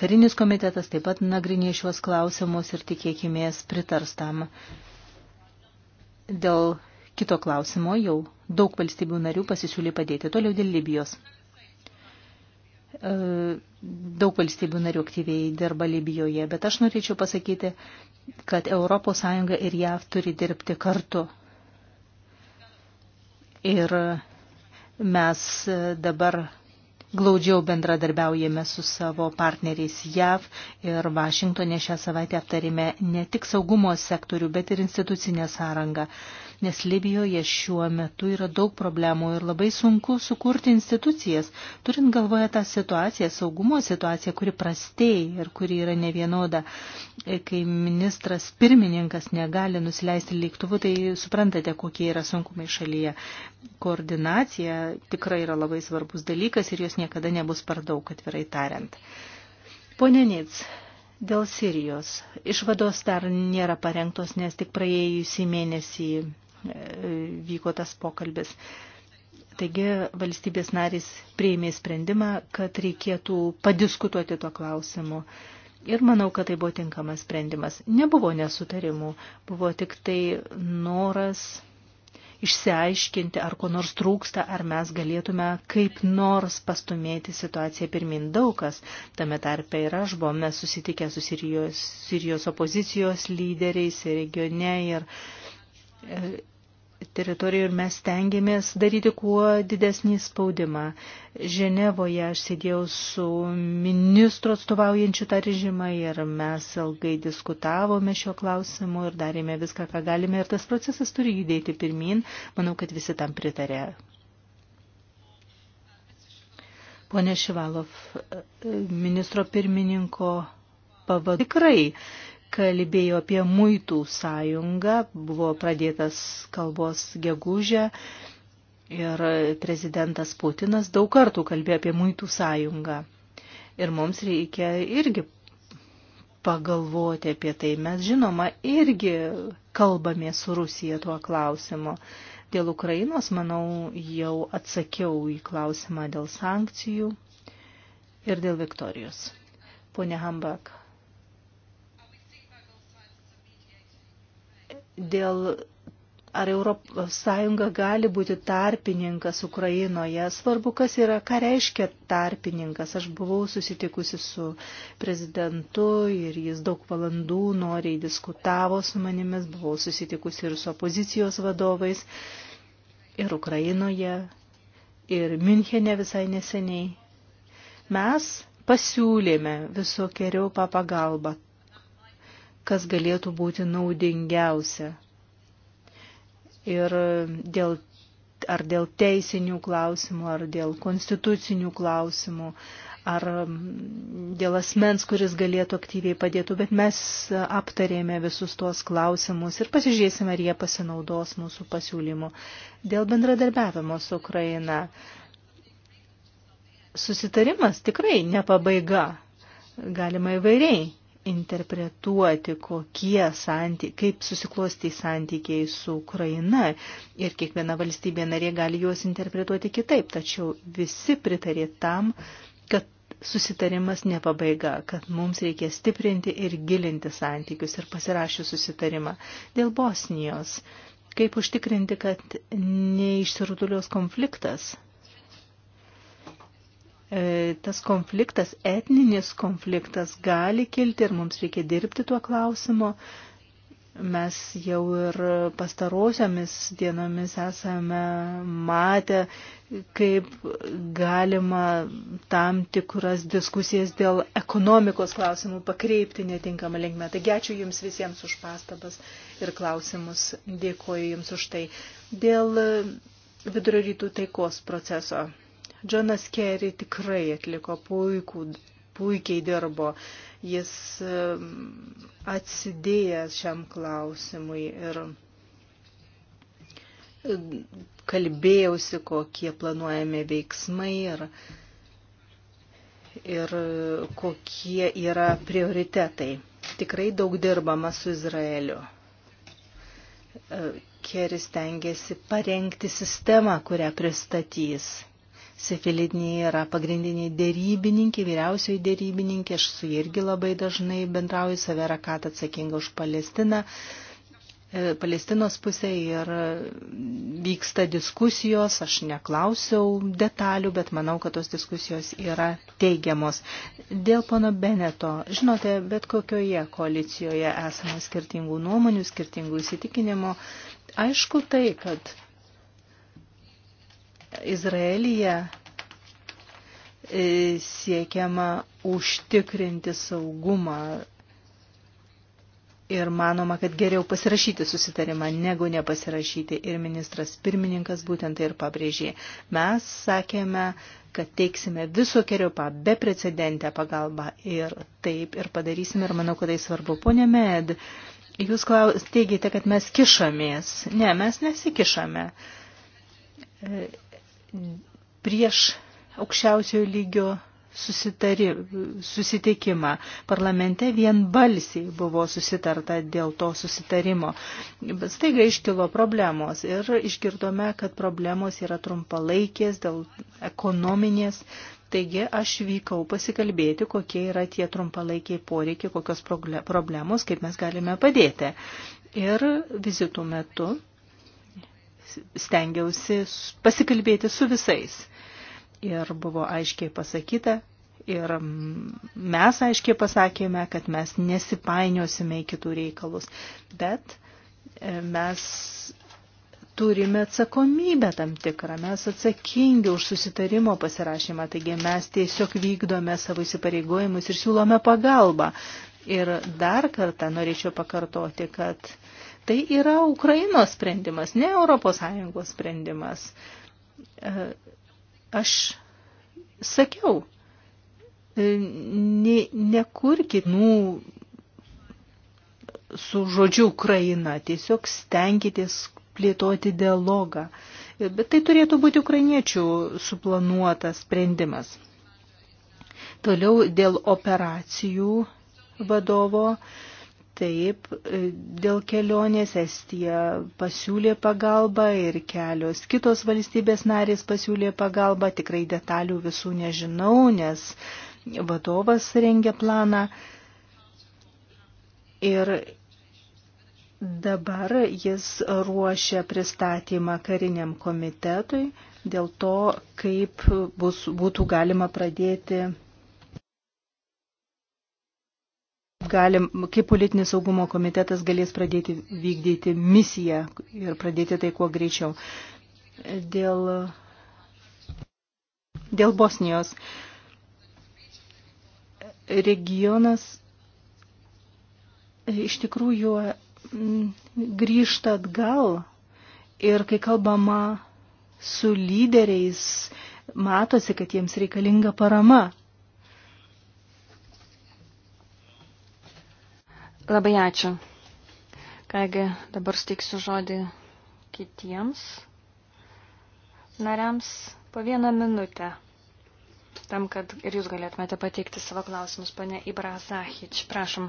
karinis komitetas taip pat nagrinė šiuos klausimus ir tikėkimės pritars tam Dėl kito klausimo jau daug valstybių narių pasisiūlė padėti toliau dėl Libijos. E, daug valstybių narių aktyviai dirba Libijoje, bet aš norėčiau pasakyti, kad ES ir JAV turi dirbti kartu. Ir mes dabar Glaudžiau bendradarbiaujame su savo partneriais JAV ir Vašingtonė šią savaitę aptarime ne tik saugumo sektorių, bet ir institucinę sąrangą nes Libijoje šiuo metu yra daug problemų ir labai sunku sukurti institucijas, turint galvoje tą situaciją, saugumo situaciją, kuri prastėja ir kuri yra nevienoda. E, kai ministras pirmininkas negali nusileisti lėktuvu, tai suprantate, kokie yra sunkumai šalyje. Koordinacija tikrai yra labai svarbus dalykas ir jos niekada nebus per daug, atvirai tariant. Pone Nic, dėl Sirijos. Išvados dar nėra parengtos, nes tik praėjusį mėnesį E, vyko tas pokalbis. Taigi valstybės narys prieimė sprendimą, kad reikėtų padiskutuoti tuo klausimu. Ir manau, kad tai buvo tinkamas sprendimas. Nebuvo nesutarimų, buvo tik tai noras išsiaiškinti, ar ko nors trūksta, ar mes galėtume kaip nors pastumėti situaciją pirmin daugas. Tame tarpe ir aš buvome susitikę su Sirijos, Sirijos opozicijos lyderiais ir regione ir e, teritorijų ir mes tengiamės daryti kuo didesnį spaudimą. Ženevoje aš sėdėjau su ministru atstovaujančiu tą režimą ir mes ilgai diskutavome šio klausimu ir darėme viską, ką galime ir tas procesas turi judėti pirmin. Manau, kad visi tam pritarė. Pone Šivalov, ministro pirmininko pavaduotojas. Tikrai kalbėjo apie muitų sąjungą, buvo pradėtas kalbos gegužė ir prezidentas Putinas daug kartų kalbėjo apie muitų sąjungą. Ir mums reikia irgi pagalvoti apie tai. Mes žinoma irgi kalbame su Rusija tuo klausimu. Dėl Ukrainos, manau, jau atsakiau į klausimą dėl sankcijų ir dėl Viktorijos. Pone Hambak. dėl ar ES gali būti tarpininkas Ukrainoje. Svarbu, kas yra, ką reiškia tarpininkas. Aš buvau susitikusi su prezidentu ir jis daug valandų noriai diskutavo su manimis, buvau susitikusi ir su opozicijos vadovais ir Ukrainoje ir Münchenė visai neseniai. Mes pasiūlėme visokiojo pagalbą kas galėtų būti naudingiausia. Ir dėl, ar dėl teisinių klausimų, ar dėl konstitucinių klausimų, ar dėl asmens, kuris galėtų aktyviai padėtų, bet mes aptarėme visus tuos klausimus ir pasižiūrėsime, ar jie pasinaudos mūsų pasiūlymu. Dėl bendradarbiavimo su Ukraina. Susitarimas tikrai ne pabaiga. Galima įvairiai interpretuoti, kokie santykiai, kaip susiklosti santykiai su Ukraina ir kiekviena valstybė narė gali juos interpretuoti kitaip, tačiau visi pritarė tam, kad susitarimas ne pabaiga, kad mums reikia stiprinti ir gilinti santykius ir pasirašius susitarimą dėl Bosnijos. Kaip užtikrinti, kad neišsirutulios konfliktas E, tas konfliktas, etninis konfliktas gali kilti ir mums reikia dirbti tuo klausimu. Mes jau ir pastarosiomis dienomis esame matę, kaip galima tam tikras diskusijas dėl ekonomikos klausimų pakreipti netinkamą linkmę. Taigi ačiū Jums visiems už pastabas ir klausimus. Dėkuoju Jums už tai. Dėl vidurio rytų taikos proceso Džonas Kerry tikrai atliko puikų, puikiai dirbo. Jis atsidėjęs šiam klausimui ir kalbėjausi, kokie planuojami veiksmai ir, ir kokie yra prioritetai. Tikrai daug dirbama su Izraeliu. Keris tengiasi parengti sistemą, kurią pristatys. Sefelidinė yra pagrindinė dėrybininkė, vyriausioji dėrybininkė, aš su jie irgi labai dažnai bendrauju, Savera Kat atsakinga už Palestiną. E, Palestinos pusė ir vyksta diskusijos, aš neklausiau detalių, bet manau, kad tos diskusijos yra teigiamos. Dėl pono Beneto, žinote, bet kokioje koalicijoje esama skirtingų nuomonių, skirtingų įsitikinimų. Aišku tai, kad Izraelyje e, siekiama užtikrinti saugumą ir manoma, kad geriau pasirašyti susitarimą, negu nepasirašyti. Ir ministras pirmininkas būtent tai ir pabrėžė. Mes sakėme, kad teiksime visokiojopą beprecedentę pagalbą ir taip ir padarysime ir manau, kad tai svarbu. Pone Med, jūs klaus, teigiate, kad mes kišamės. Ne, mes nesikišame. E, prieš aukščiausiojo lygio susitari, susitikimą. Parlamente vien balsiai buvo susitarta dėl to susitarimo. Bet staiga iškilo problemos ir išgirdome, kad problemos yra trumpalaikės, dėl ekonominės. Taigi aš vykau pasikalbėti, kokie yra tie trumpalaikiai poreikiai, kokios problemos, kaip mes galime padėti. Ir vizitų metu stengiausi pasikalbėti su visais. Ir buvo aiškiai pasakyta, ir mes aiškiai pasakėme, kad mes nesipainiosime į kitų reikalus. Bet e, mes turime atsakomybę tam tikrą, mes atsakingi už susitarimo pasirašymą, taigi mes tiesiog vykdome savo įsipareigojimus ir siūlome pagalbą. Ir dar kartą norėčiau pakartoti, kad Tai yra Ukrainos sprendimas, ne ES sprendimas. E, aš sakiau, e, ne, nekurkit nu, su žodžiu Ukraina, tiesiog stenkitės plėtoti dialogą. E, bet tai turėtų būti ukrainiečių suplanuotas sprendimas. Toliau dėl operacijų vadovo. Uh, Taip, e, dėl kelionės Estija pasiūlė pagalbą ir kelios kitos valstybės narės pasiūlė pagalbą. Tikrai detalių visų nežinau, nes vadovas rengia planą. Ir dabar jis ruošia pristatymą kariniam komitetui dėl to, kaip bus, būtų galima pradėti galim, kaip politinis saugumo komitetas galės pradėti vykdyti misiją ir pradėti tai kuo greičiau. Dėl, dėl Bosnijos regionas iš tikrųjų mm, grįžta atgal ir kai kalbama su lyderiais, matosi, kad jiems reikalinga parama. Labai ačiū. Kągi, dabar steiksiu žodį kitiems nariams po vieną minutę, tam, kad ir jūs galėtumėte pateikti savo klausimus, pane Ibra Zahič. Prašom.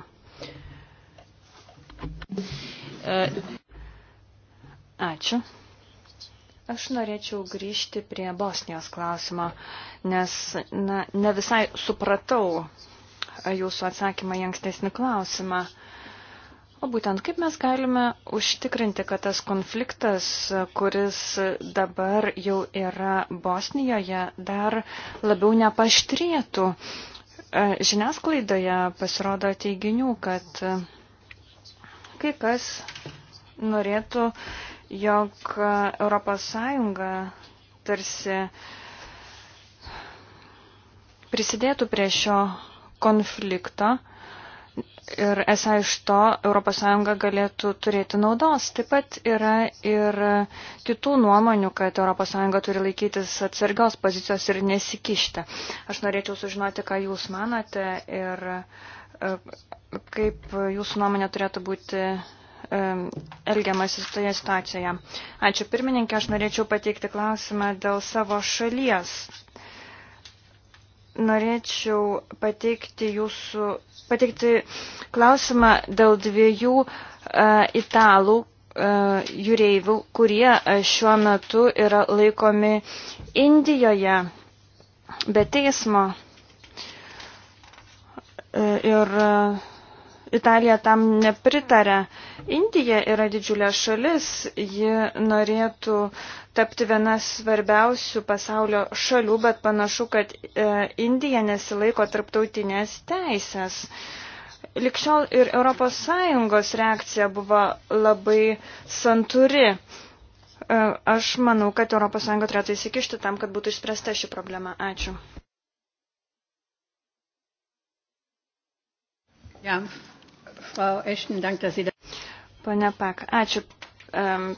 Ačiū. Aš norėčiau grįžti prie Bosnijos klausimo, nes na, ne visai supratau jūsų atsakymą į ankstesnį klausimą. O būtent kaip mes galime užtikrinti, kad tas konfliktas, kuris dabar jau yra Bosnijoje, dar labiau nepaštrėtų. E, žiniasklaidoje pasirodo teiginių, kad kai kas norėtų, jog ES tarsi prisidėtų prie šio konfliktą ir esą iš to ES galėtų turėti naudos. Taip pat yra ir kitų nuomonių, kad ES turi laikytis atsargios pozicijos ir nesikišti. Aš norėčiau sužinoti, ką Jūs manote ir e, kaip Jūsų nuomonė turėtų būti e, elgiamasi toje situacijoje. Ačiū pirmininkė, aš norėčiau pateikti klausimą dėl savo šalies norėčiau pateikti jūsų, pateikti klausimą dėl dviejų uh, italų uh, jūreivių, kurie uh, šiuo metu yra laikomi Indijoje be teismo. Uh, ir uh, Italija tam nepritarė. Indija yra didžiulė šalis, ji norėtų tapti viena svarbiausių pasaulio šalių, bet panašu, kad e, Indija nesilaiko tarptautinės teisės. Likščiol ir ES reakcija buvo labai santuri. E, aš manau, kad ES turėtų įsikišti tam, kad būtų išspręsta ši problema. Ačiū. Ja, Frau Ashton, dank, dass Sie da. Pone Pak, ačiū.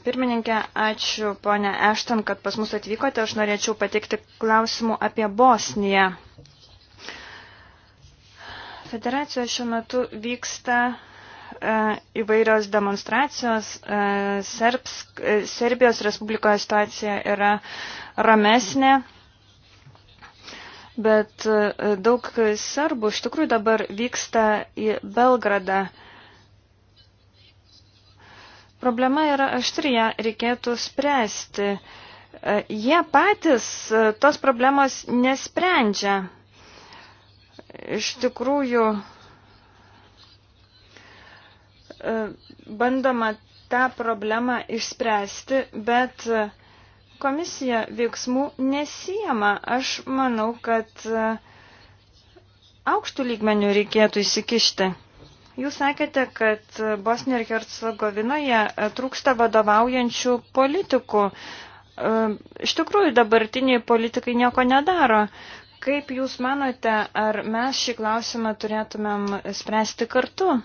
Pirmininkė, ačiū ponė Ešton, kad pas mus atvykote. Aš norėčiau patikti klausimų apie Bosniją. Federacijoje šiuo metu vyksta e, įvairios demonstracijos. E, Serbs, e, Serbijos Respublikoje situacija yra ramesnė, bet daug serbų iš tikrųjų dabar vyksta į Belgradą. Problema yra aštri, ją reikėtų spręsti. E, jie patys e, tos problemos nesprendžia. Iš tikrųjų, e, bandoma tą problemą išspręsti, bet komisija veiksmų nesijama. Aš manau, kad aukštų lygmenių reikėtų įsikišti. Jūs sakėte, kad Bosnijoje ir Hercegovinoje e, trūksta vadovaujančių politikų. E, iš tikrųjų, dabartiniai politikai nieko nedaro. Kaip Jūs manote, ar mes šį klausimą turėtumėm spręsti kartu?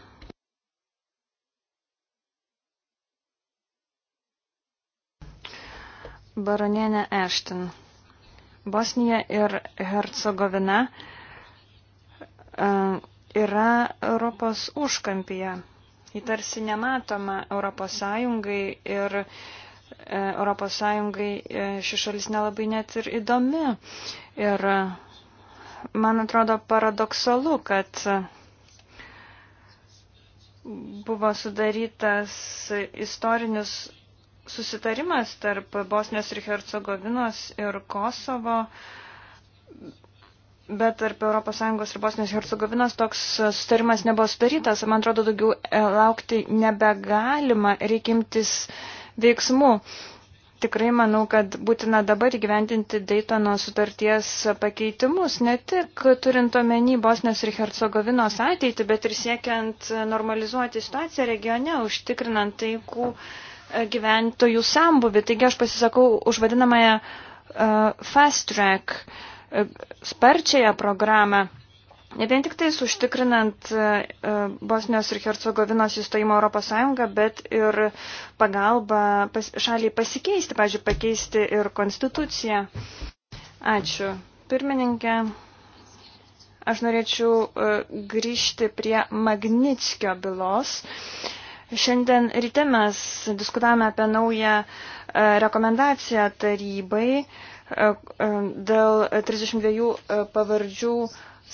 Baronienė Ešten. Bosnija ir Hercegovina e, yra Europos užkampyje. Ji tarsi nematoma Europos Sąjungai ir e, Europos Sąjungai e, ši šalis nelabai net ir įdomi. Ir e, man atrodo paradoksalu, kad buvo sudarytas istorinis susitarimas tarp Bosnijos ir Hercegovinos ir Kosovo. Uh, bet tarp ES ir Bosnijos Hercegovinos toks e, sustarimas nebuvo sudarytas. Man atrodo, daugiau e, laukti nebegalima, reikimtis veiksmų. Tikrai manau, kad būtina dabar įgyventinti Daytono sutarties pakeitimus, ne tik turint omeny Bosnijos ir Hercegovinos ateitį, bet ir siekiant normalizuoti situaciją regione, užtikrinant taikų e, gyventojų sambuvi. Taigi aš pasisakau už vadinamąją uh, fast track uh, sparčiąją programą, ne vien tik tais užtikrinant e, e, Bosnijos ir Hercegovinos įstojimo Europos Sąjungą, bet ir pagalbą pas, šaliai pasikeisti, pažiūrėjau, pakeisti ir konstituciją. Ačiū, pirmininkė. Aš norėčiau e, grįžti prie Magnitskio bylos. Šiandien ryte mes diskutavome apie naują rekomendaciją tarybai E, e, dėl 32 e, pavardžių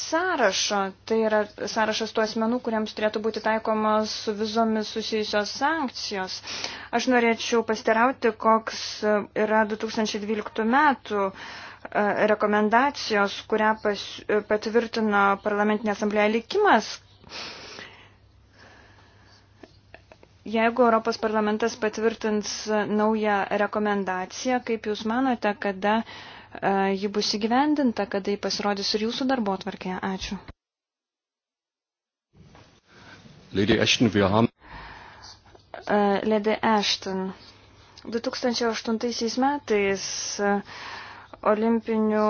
sąrašo. Tai yra sąrašas tų asmenų, kuriems turėtų būti taikomos su vizomis susijusios sankcijos. Aš norėčiau pasterauti, koks yra 2012 metų rekomendacijos, kurią patvirtino parlamentinė asamblėje likimas, Jeigu Europos parlamentas patvirtins naują rekomendaciją, kaip Jūs manote, kada e, ji bus įgyvendinta, kada ji pasirodys ir Jūsų darbo atvarkėje? Ačiū. Lady Ashton, wir haben. Lady Ashton. 2008 metais e, olimpinių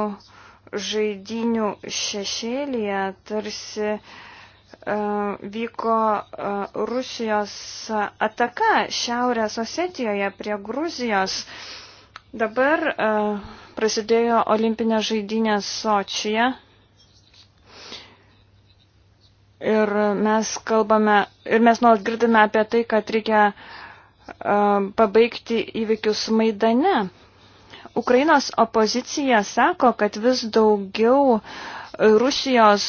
žaidinių šešėlėje tarsi uh, E, vyko e, Rusijos ataka Šiaurės Osetijoje prie Gruzijos. Dabar e, prasidėjo olimpinės žaidynės Sočyje. Ir mes kalbame, ir mes nuolat girdime apie tai, kad reikia pabaigti įvykius Maidane. Ukrainos opozicija sako, kad vis daugiau uh, Rusijos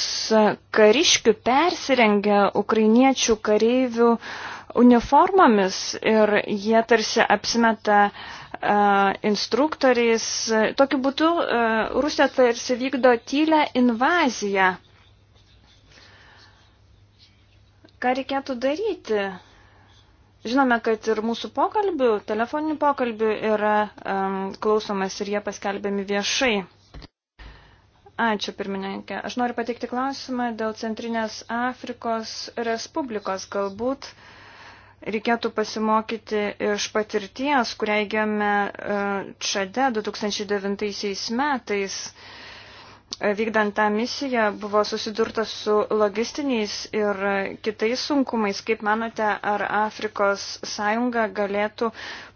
kariškių persirengia ukrainiečių kareivių uniformomis ir jie tarsi apsimeta e, instruktoriais. Tokiu būdu e, Rusija tarsi vykdo tylę invaziją. Ką reikėtų daryti? Žinome, kad ir mūsų pokalbių, telefoninių pokalbių yra um, klausomas ir jie paskelbiami viešai. Ačiū, pirmininkė. Aš noriu pateikti klausimą dėl Centrinės Afrikos Respublikos. Galbūt reikėtų pasimokyti iš patirties, kurią įgėme e, Čade 2009 metais. E, vykdant tą misiją buvo susidurta su logistiniais ir kitais sunkumais. Kaip manote, ar Afrikos sąjunga galėtų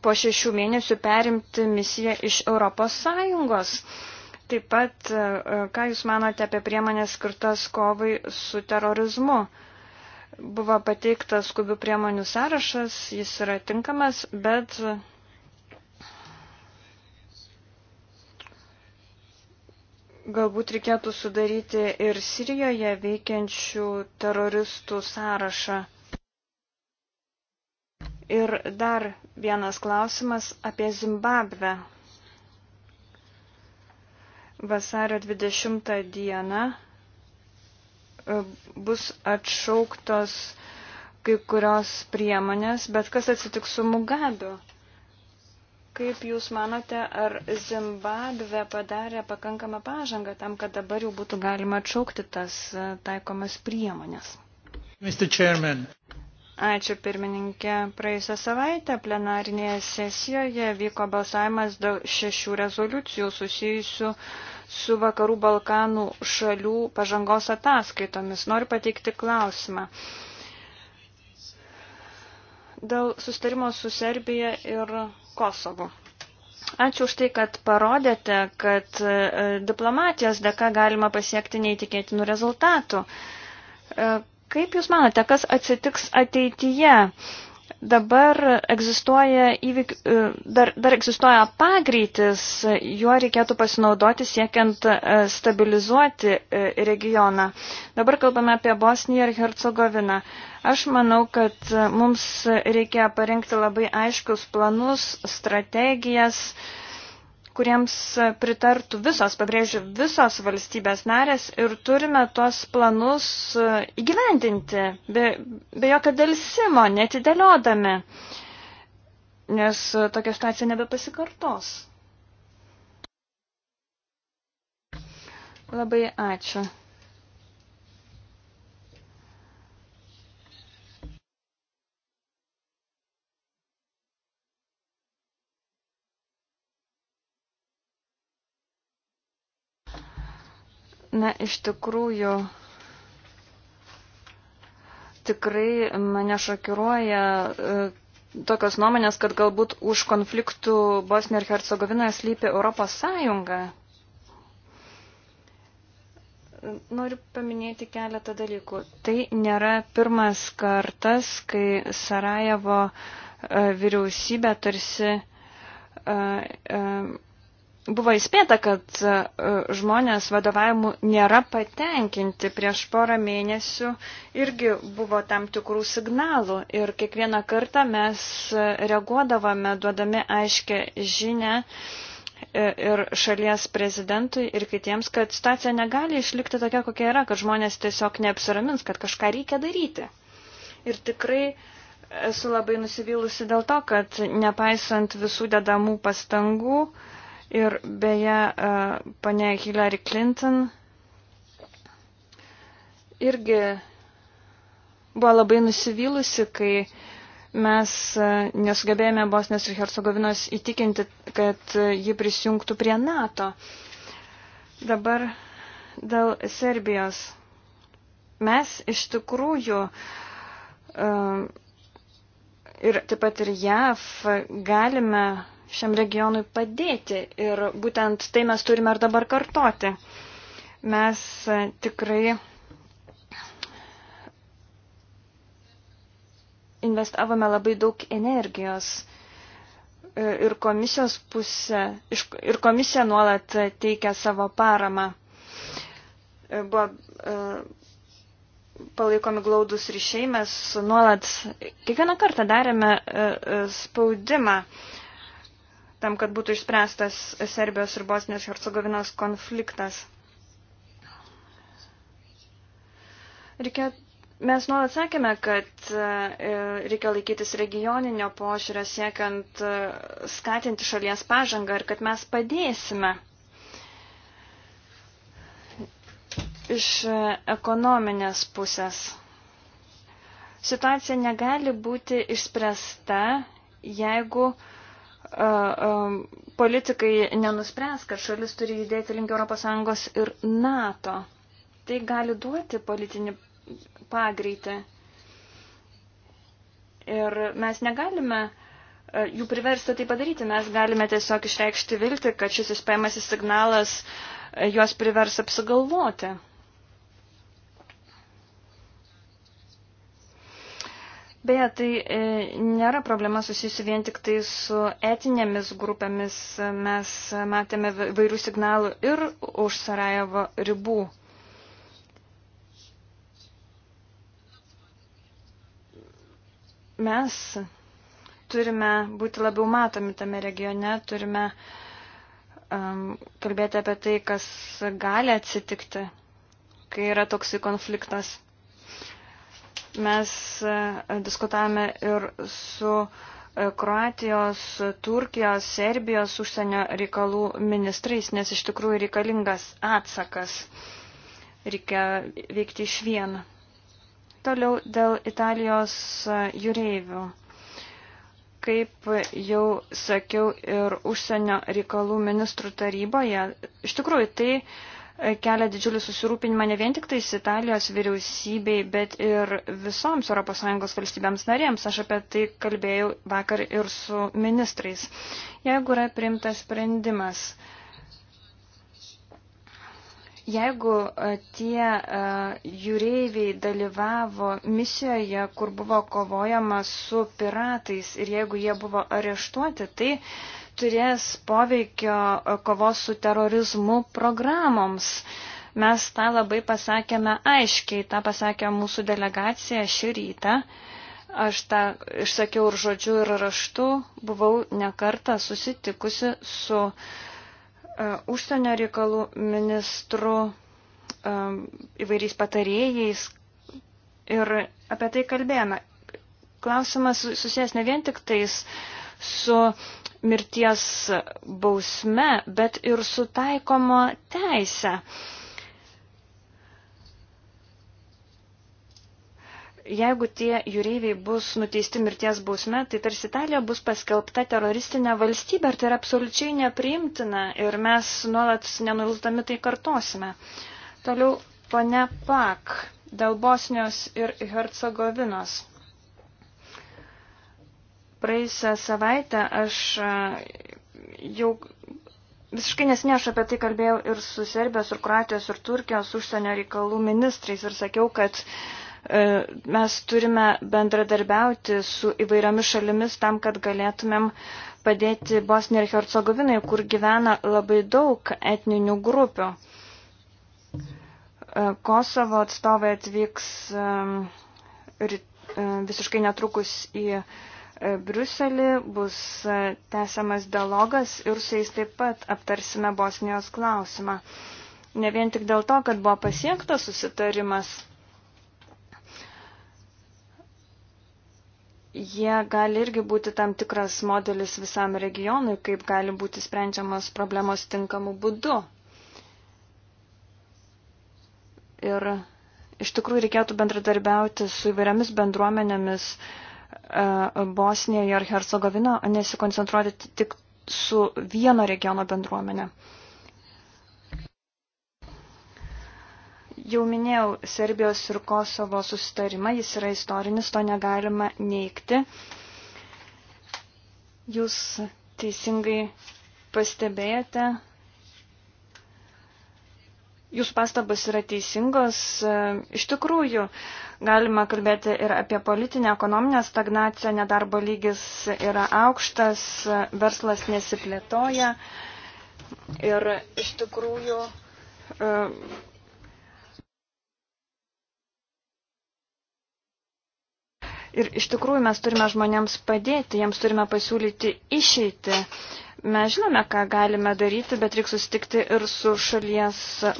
po šešių mėnesių perimti misiją iš Europos sąjungos? Uh, Taip pat, e, e, ką Jūs manote apie priemonės skirtas kovai su terorizmu? Buvo pateiktas skubių priemonių sąrašas, jis yra tinkamas, bet galbūt reikėtų sudaryti ir Sirijoje veikiančių teroristų sąrašą. Ir dar vienas klausimas apie Zimbabvę vasario 20 dieną e, bus atšauktos kai kurios priemonės, bet kas atsitiks su Mugabiu? Kaip Jūs manote, ar Zimbabve padarė pakankamą pažangą tam, kad dabar jau būtų galima atšaukti tas e, taikomas priemonės? Mr. Chairman. Ačiū pirmininkė. Praėjusią savaitę plenarinėje sesijoje vyko balsavimas dėl šešių rezoliucijų susijusių su Vakarų Balkanų šalių pažangos ataskaitomis. Noriu pateikti klausimą. Dėl sustarimo su Serbija ir Kosovu. Ačiū už tai, kad parodėte, kad e, diplomatijos dėka galima pasiekti neįtikėtinų rezultatų e, Kaip Jūs manote, kas atsitiks ateityje? Dabar egzistuoja įvyk, e, dar, dar egzistuoja pagreitis, juo reikėtų pasinaudoti siekiant e, stabilizuoti e, regioną. Dabar kalbame apie Bosniją ir Hercegoviną. Aš manau, kad mums reikia parengti labai aiškius planus, strategijas, uh, kuriems pritartų visos, pabrėžiu, visos valstybės narės ir turime tuos planus e, įgyvendinti be, be jokio dėlsimo, netidėliodami, nes tokia situacija nebepasikartos. Labai ačiū. Na, iš tikrųjų, tikrai mane šokiruoja e, tokios nuomonės, kad galbūt už konfliktų Bosnijoje ir Hercegovinoje slypi Europos Sąjunga. Noriu paminėti keletą dalykų. Tai nėra pirmas kartas, kai Sarajevo e, vyriausybė tarsi e, buvo įspėta, kad e, žmonės vadovavimu nėra patenkinti. Prieš porą mėnesių irgi buvo tam tikrų signalų ir kiekvieną kartą mes e, reaguodavome, duodami aiškę žinę e, ir šalies prezidentui ir kitiems, kad situacija negali išlikti tokia, kokia yra, kad žmonės tiesiog neapsiramins, kad kažką reikia daryti. Ir tikrai esu labai nusivylusi dėl to, kad nepaisant visų dedamų pastangų, uh, Ir beje, e, pane Hillary Clinton irgi buvo labai nusivylusi, kai mes e, nesugebėjome Bosnės ir Hercegovinos įtikinti, kad ji prisijungtų prie NATO. Dabar dėl Serbijos. Mes iš tikrųjų e, ir taip pat ir JAV galime šiam regionui padėti. Ir būtent tai mes turime ir dabar kartoti. Mes e, tikrai investavome labai daug energijos e, ir komisijos pusė, ir komisija nuolat teikia savo paramą. E, buvo palaikomi glaudus ryšiai, mes nuolat kiekvieną kartą darėme spaudimą tam, kad būtų išspręstas Serbijos ir Bosnijos Hercegovinos konfliktas. Reikia, mes nuolat sakėme, kad e, reikia laikytis regioninio požiūrio siekiant e, skatinti šalies pažangą ir kad mes padėsime iš e, ekonominės pusės. Situacija negali būti išspręsta, jeigu uh, politikai nenuspręs, kad šalis turi judėti link ES ir NATO. Tai gali duoti politinį pagreitį. Ir mes negalime jų priversti tai padaryti, mes galime tiesiog išreikšti viltį, kad šis įspėjimasis signalas juos privers apsigalvoti. Beje, tai e, nėra problema susijusi vien tik tai su etinėmis grupėmis. Mes matėme vairių signalų ir už Sarajevo ribų. Mes turime būti labiau matomi tame regione, turime um, kalbėti apie tai, kas gali atsitikti, kai yra toksai konfliktas. Mes e, diskutavome ir su e, Kroatijos, Turkijos, Serbijos užsienio reikalų ministrais, nes iš tikrųjų reikalingas atsakas. Reikia veikti iš vieną. Toliau dėl Italijos e, jūreivių. Kaip jau sakiau ir užsienio reikalų ministrų taryboje, iš tikrųjų tai kelia didžiulį susirūpinimą ne vien tik tais Italijos vyriausybei, bet ir visoms ES valstybėms narėms. Aš apie tai kalbėjau vakar ir su ministrais. Jeigu yra priimtas sprendimas, jeigu e, tie e, jūreiviai dalyvavo misijoje, kur buvo kovojama su piratais ir jeigu jie buvo areštuoti, tai turės poveikio kovos su terorizmu programoms. Mes tą labai pasakėme aiškiai, tą pasakė mūsų delegacija šį rytą. Aš tą išsakiau ir žodžiu, ir raštu. Buvau nekartą susitikusi su uh, užsienio reikalų ministru, um, įvairiais patarėjais ir apie tai kalbėjome. Klausimas susijęs ne vien tik tais uh, su mirties bausme, bet ir su taikoma teise. Jeigu tie jūreiviai bus nuteisti mirties bausme, tai tarsi Italija bus paskelbta teroristinė valstybė ir tai yra absoliučiai nepriimtina ir mes nuolat nenulstami tai kartosime. Toliau, pone Pak, dėl Bosnijos ir Hercegovinos. Praėjusią savaitę aš jau visiškai nesinė aš apie tai kalbėjau ir su Serbijos, ir Kroatijos, ir Turkijos užsienio reikalų ministrais ir sakiau, kad e, mes turime bendradarbiauti su įvairiomis šalimis tam, kad galėtumėm padėti Bosniai ir Hercegovinai, kur gyvena labai daug etninių grupių. E, Kosovo atstovai atvyks e, visiškai netrukus į Bruselį, bus e, tęsiamas dialogas ir su jais taip pat aptarsime Bosnijos klausimą. Ne vien tik dėl to, kad buvo pasiektas susitarimas, jie gali irgi būti tam tikras modelis visam regionui, kaip gali būti sprendžiamas problemos tinkamu būdu. Ir iš tikrųjų reikėtų bendradarbiauti su įvairiamis bendruomenėmis, uh, E, Bosnijoje ir Hercegovina, nesikoncentruoti tik su vieno regiono bendruomenė. Jau minėjau Serbijos ir Kosovo susitarimą, jis yra istorinis, to negalima neikti. Jūs teisingai pastebėjote, Jūsų pastabas yra teisingos. Iš tikrųjų, galima kalbėti ir apie politinę, ekonominę stagnaciją, nedarbo lygis yra aukštas, verslas nesiplėtoja. Ir iš tikrųjų Ir iš tikrųjų mes turime žmonėms padėti, jiems turime pasiūlyti išeitį. Mes žinome, ką galime daryti, bet reikia susitikti ir su šalies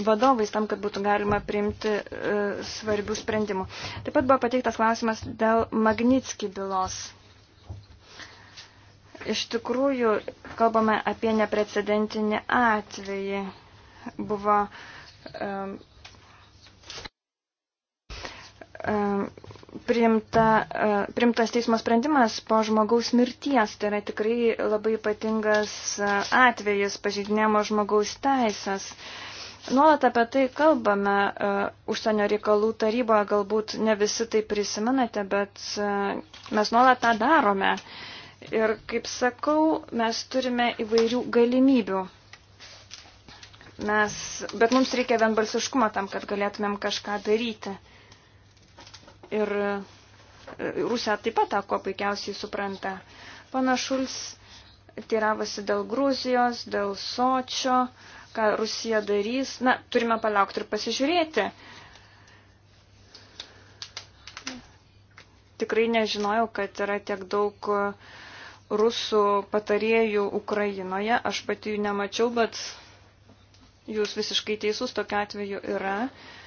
vadovais tam, kad būtų galima priimti e, svarbių sprendimų. Taip pat buvo pateiktas klausimas dėl Magnitski bylos iš tikrųjų kalbame apie neprecedentinį atvejį. Buvo um, E, priimta, e, priimtas teismo sprendimas po žmogaus mirties. Tai yra tikrai labai ypatingas e, atvejis pažydinėjimo žmogaus teisės. Nuolat apie tai kalbame užsienio reikalų taryboje, galbūt ne visi tai prisimenate, bet mes nuolat tą darome. Ir kaip sakau, mes turime įvairių galimybių. Mes, bet mums reikia vienbalsiškumo tam, kad galėtumėm kažką daryti ir e, Rusija taip pat tą ko puikiausiai supranta. Pana Šuls tyravosi dėl Gruzijos, dėl Sočio, ką Rusija darys. Na, turime palaukti ir pasižiūrėti. Tikrai nežinojau, kad yra tiek daug e, rusų patarėjų Ukrainoje. Aš pati jų nemačiau, bet jūs visiškai teisus tokia atveju yra. Uh,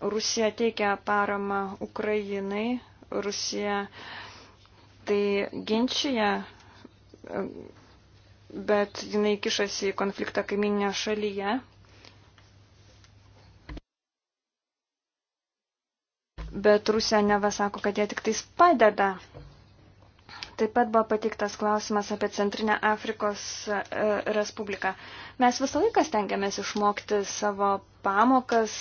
Rusija teikia paramą Ukrainai, Rusija tai ginčia, bet jinai kišasi į konfliktą kaiminėje šalyje. Bet Rusija neva sako, kad jie tik tais padeda Taip pat buvo patiktas klausimas apie Centrinę Afrikos e, Respubliką. Mes visą laiką stengiamės išmokti savo pamokas,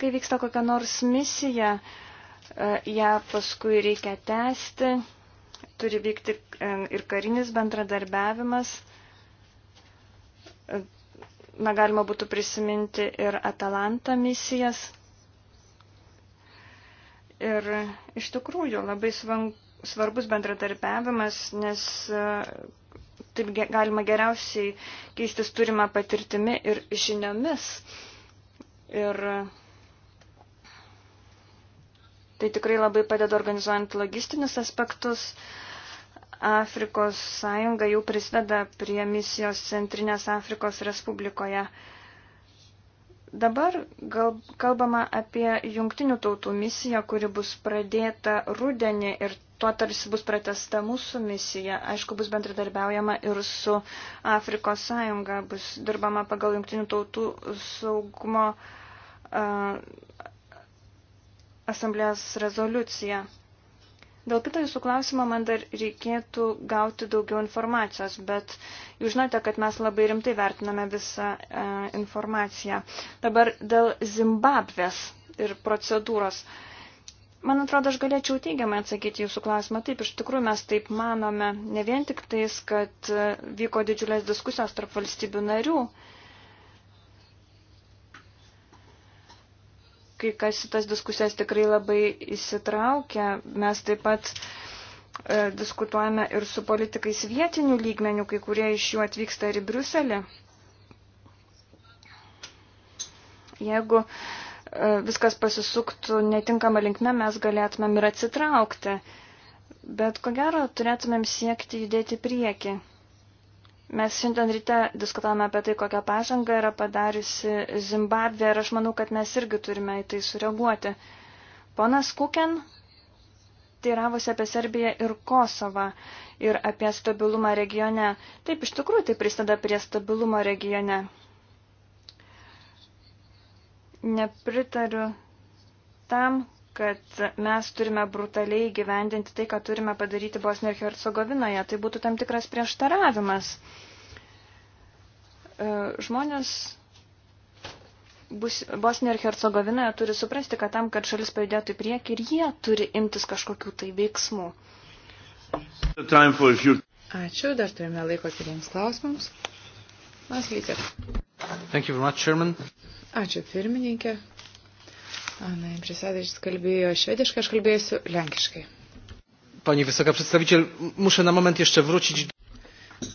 kai vyksta kokia nors misija, e, ją paskui reikia tęsti, turi vykti e, ir karinis bendradarbiavimas. Na, galima būtų prisiminti ir Atalanta misijas. Ir iš tikrųjų labai svanku svarbus bendradarbiavimas, nes e, taip galima geriausiai keistis turimą patirtimi ir žiniomis. Ir tai tikrai labai padeda organizuojant logistinius aspektus. Afrikos sąjunga jau prisideda prie misijos Centrinės Afrikos Respublikoje. Dabar gal, kalbama apie jungtinių tautų misiją, kuri bus pradėta rudenį ir tuo tarsi bus pratesta mūsų misija. Aišku, bus bendradarbiaujama ir su Afrikos sąjunga, bus dirbama pagal jungtinių tautų saugumo uh, asamblės rezoliuciją. Dėl kito jūsų klausimo man dar reikėtų gauti daugiau informacijos, bet jūs žinote, kad mes labai rimtai vertiname visą e, informaciją. Dabar dėl Zimbabvės ir procedūros. Man atrodo, aš galėčiau teigiamai atsakyti jūsų klausimą. Taip, iš tikrųjų mes taip manome, ne vien tik tais, kad e, vyko didžiulės diskusijos tarp valstybių narių, kai kas į tas diskusijas tikrai labai įsitraukia. Mes taip pat e, diskutuojame ir su politikais vietinių lygmenių, kai kurie iš jų atvyksta ir į Bruselį. Jeigu e, viskas pasisuktų netinkama linkme, mes galėtumėm ir atsitraukti. Bet ko gero turėtumėm siekti judėti prieki. Mes šiandien ryte diskutavome apie tai, kokią pažangą yra padariusi Zimbabvė ir aš manau, kad mes irgi turime į tai sureaguoti. Ponas Kuken teiravosi apie Serbiją ir Kosovą ir apie stabilumą regione. Taip, iš tikrųjų, tai prisideda prie stabilumo regione. Nepritariu tam, kad mes turime brutaliai gyvendinti tai, ką turime padaryti Bosnijoje ir Hercegovinoje. Tai būtų tam tikras prieštaravimas. E, žmonės Bosnijoje ir Hercegovinoje turi suprasti, kad tam, kad šalis pajudėtų į priekį ir jie turi imtis kažkokių tai veiksmų. Ačiū, dar turime laiko keliems klausimams. Mas lygiai. Ačiū, pirmininkė. Ana Imbrisadevičius kalbėjo švediškai, aš kalbėsiu lenkiškai. Pani Visoka Przedstawiciel, muszę na moment jeszcze wrócić.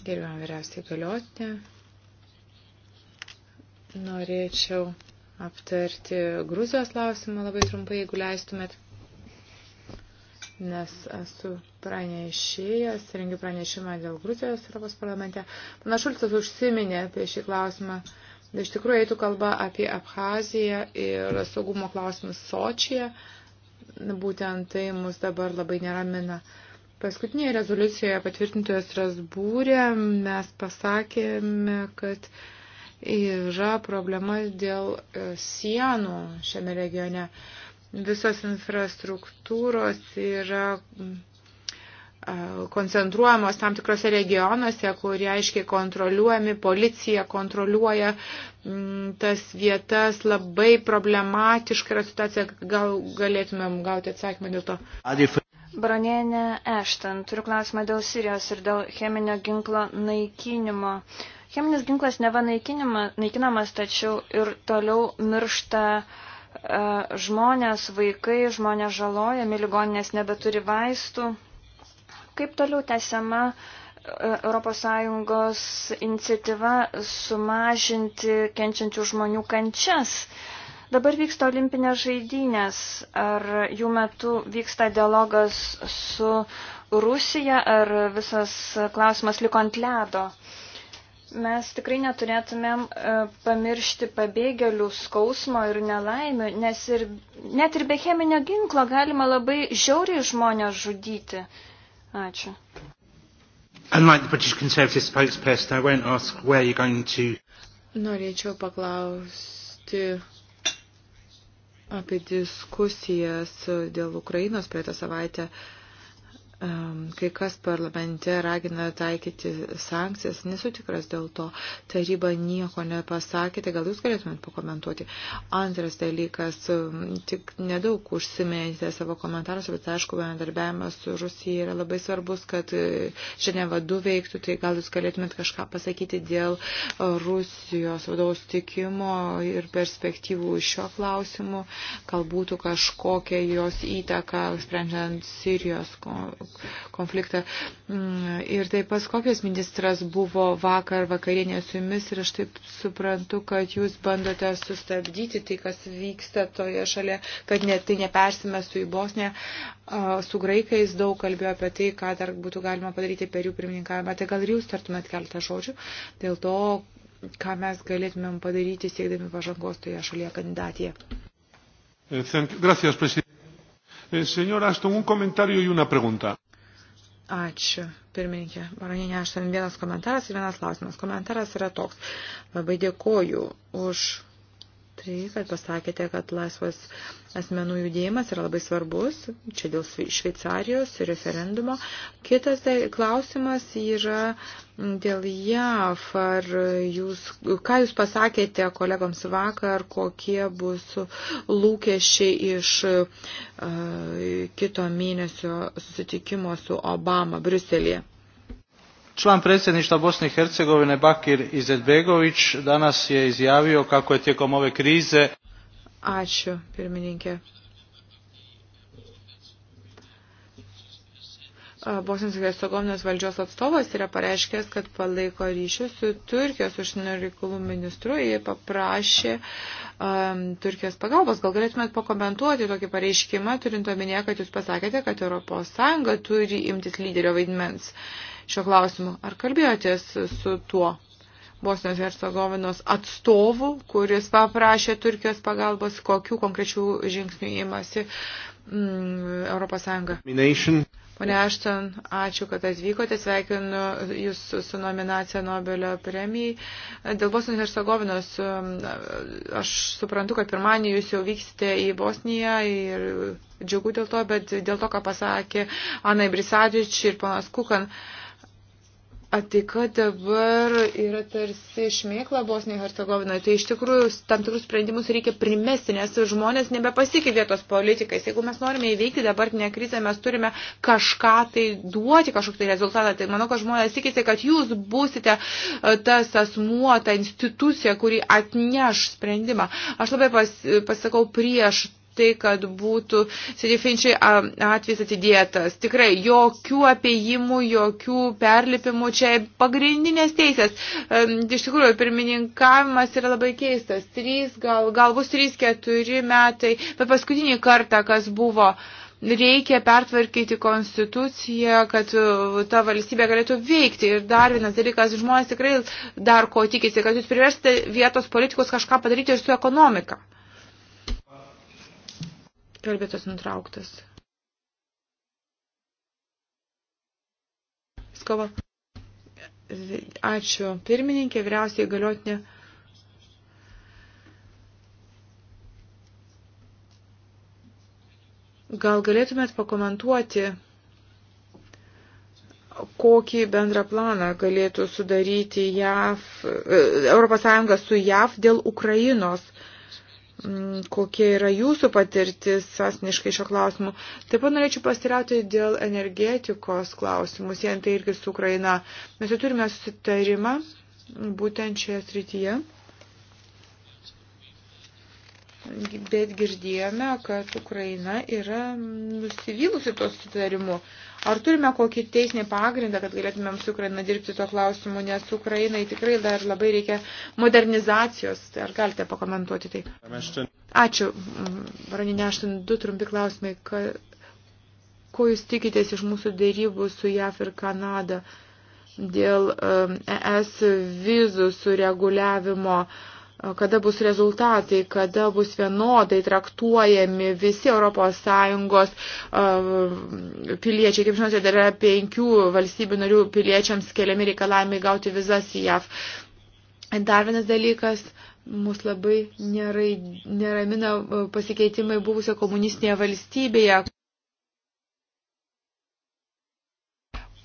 Gerbiam vyriausiai galiotinę. Norėčiau aptarti Gruzijos klausimą labai trumpai, jeigu leistumėt. Nes esu pranešėjas, rengiu pranešimą dėl Gruzijos Europos parlamente. Panašulcas užsiminė apie šį klausimą. Uh, Iš tikrųjų, eitų kalba apie Abhaziją ir saugumo klausimus Sočyje. Būtent tai mus dabar labai neramina. Paskutinėje rezoliucijoje patvirtintoje Strasbūrė mes pasakėme, kad yra problema dėl e, sienų šiame regione. Visos infrastruktūros yra koncentruojamos tam tikrose regionuose, kurie aiškiai kontroliuojami, policija kontroliuoja mm, tas vietas, labai problematiška yra situacija, gal galėtumėm gauti atsakymą dėl to. Bronienė Ešten, turiu klausimą dėl Sirijos ir dėl cheminio ginklo naikinimo. Cheminis ginklas neva naikinamas, tačiau ir toliau miršta uh, žmonės, vaikai, žmonės žalojami, ligoninės nebeturi vaistų. Kaip toliau tęsiama ES iniciatyva sumažinti kenčiančių žmonių kančias? Dabar vyksta olimpinės žaidynės. Ar jų metu vyksta dialogas su Rusija, ar visas klausimas liko ant ledo? Mes tikrai neturėtumėm e, pamiršti pabėgėlių skausmo ir nelaimių, nes ir, net ir be cheminio ginklo galima labai žiauriai žmonės žudyti. Ačiū. Unlike the British Conservative spokesperson, I won't ask where you're going to. Norėčiau paklausti apie diskusijas dėl Ukrainos praeitą savaitę. Uh, kai kas parlamente ragina taikyti sankcijas, nesu tikras dėl to, taryba nieko nepasakėte, tai gal jūs galėtumėt pakomentuoti. Antras dalykas, tik nedaug užsiminėte savo komentaruose, bet aišku, bendarbiavimas su Rusija yra labai svarbus, kad e, Ženeva 2 veiktų, tai gal jūs galėtumėt kažką pasakyti dėl Rusijos vadovų sutikimo ir perspektyvų šio klausimu, gal būtų kažkokia jos įtaka, sprendžiant Sirijos konfliktą. Mm, ir taip pat Skopijos ministras buvo vakar vakarienė su jumis ir aš taip suprantu, kad jūs bandote sustabdyti tai, kas vyksta toje šalia, kad ne, tai nepersimestų į Bosnę. Su graikais daug kalbėjo apie tai, ką dar būtų galima padaryti per jų pirmininkavimą. Tai gal ir jūs tartumėt keltą žodžių dėl to, ką mes galėtumėm padaryti siekdami pažangos toje šalyje kandidatėje. Eh, Gracias, presidente. Eh, Señora Aston, un comentario y una pregunta. Ačiū, pirmininkė. Baroninė, aš ten vienas komentaras ir vienas klausimas. Komentaras yra toks. Labai dėkoju už tai, kad pasakėte, kad laisvas asmenų judėjimas yra labai svarbus, čia dėl Šveicarijos referendumo. Kitas tai klausimas yra dėl JAF, ar jūs, ką jūs pasakėte kolegoms vakar, kokie bus lūkesčiai iš uh, kito mėnesio susitikimo su Obama Briuselėje. Član predsjedništva Bosne i Hercegovine Bakir Izetbegović danas je izjavio kako je tijekom ove krize Ačiū, pirmininkė. Bosnijos ir Hercegovinos valdžios atstovas yra pareiškęs, kad palaiko ryšius su Turkijos užsienio reikalų ministru ir paprašė um, Turkijos pagalbos. Gal galėtumėt pakomentuoti tokį pareiškimą, turint omenyje, kad jūs pasakėte, kad ES turi imtis lyderio vaidmens. Uh, šio klausimu. Ar kalbėjotės su tuo Bosnijos Hercegovinos atstovu, kuris paprašė Turkijos pagalbos, kokių konkrečių žingsnių įmasi mm, Europos Sąjunga? Mination. Pone Ašton, ačiū, kad atvykote, sveikinu Jūs su nominacija Nobelio premijai. Dėl Bosnijos ir Sagovinos, mm, aš suprantu, kad pirmanį Jūs jau vyksite į Bosniją ir džiugu dėl to, bet dėl to, ką pasakė Anai Brisadžič ir panas Kukan. Uh, Atika dabar yra tarsi šmėkla Bosnijoje Hercegovinoje. Tai iš tikrųjų tam tikrus sprendimus reikia primesti, nes žmonės nebepasikė vietos politikais. Jeigu mes norime įveikti dabartinę krizę, mes turime kažką tai duoti, kažkokį tai rezultatą. Tai manau, kad žmonės tikisi, kad jūs būsite e, tas asmuo, ta institucija, kuri atneš sprendimą. Aš labai pas, pasakau prieš tai, kad būtų Sidifinčiai atvejs atidėtas. Tikrai jokių apiejimų, jokių perlipimų, čia pagrindinės teisės. Iš tikrųjų, pirmininkavimas yra labai keistas. Trys, gal, gal bus trys, keturi metai, bet paskutinį kartą, kas buvo reikia pertvarkyti konstituciją, kad e, ta valstybė galėtų veikti. Ir dar vienas dalykas, žmonės tikrai dar ko tikisi, kad jūs priversite vietos politikus kažką padaryti ir su ekonomika. Kalbėtas nutrauktas. Skova. Ačiū. Pirmininkė, vyriausiai galiotinė. Gal galėtumėt pakomentuoti, kokį bendrą planą galėtų sudaryti JAV, ES su JAV dėl Ukrainos? Uh, Mm, kokia yra jūsų patirtis asmeniškai šio klausimu. Taip pat norėčiau pastirauti dėl energetikos klausimų, siejant tai irgi su Ukraina. Mes jau turime susitarimą būtent šioje srityje. Bet girdėjome, kad Ukraina yra nusivylusi to susitarimu. Ar turime kokį teisinį pagrindą, kad galėtumėm su Ukraina dirbti tuo klausimu, nes Ukrainai tikrai dar labai reikia modernizacijos. Tai ar galite pakomentuoti tai? Ačiū, Varoninė Aštin, du trumpi klausimai. Ka, ko jūs tikitės iš mūsų dėrybų su JAF ir Kanada dėl um, ES vizų sureguliavimo? Uh, kada bus rezultatai, kada bus vienodai traktuojami visi ES piliečiai. Kaip žinote, dar yra penkių valstybių narių piliečiams keliami reikalavimai gauti vizas į JAV. Dar vienas dalykas mus labai nerai, neramina pasikeitimai buvusio komunistinėje valstybėje.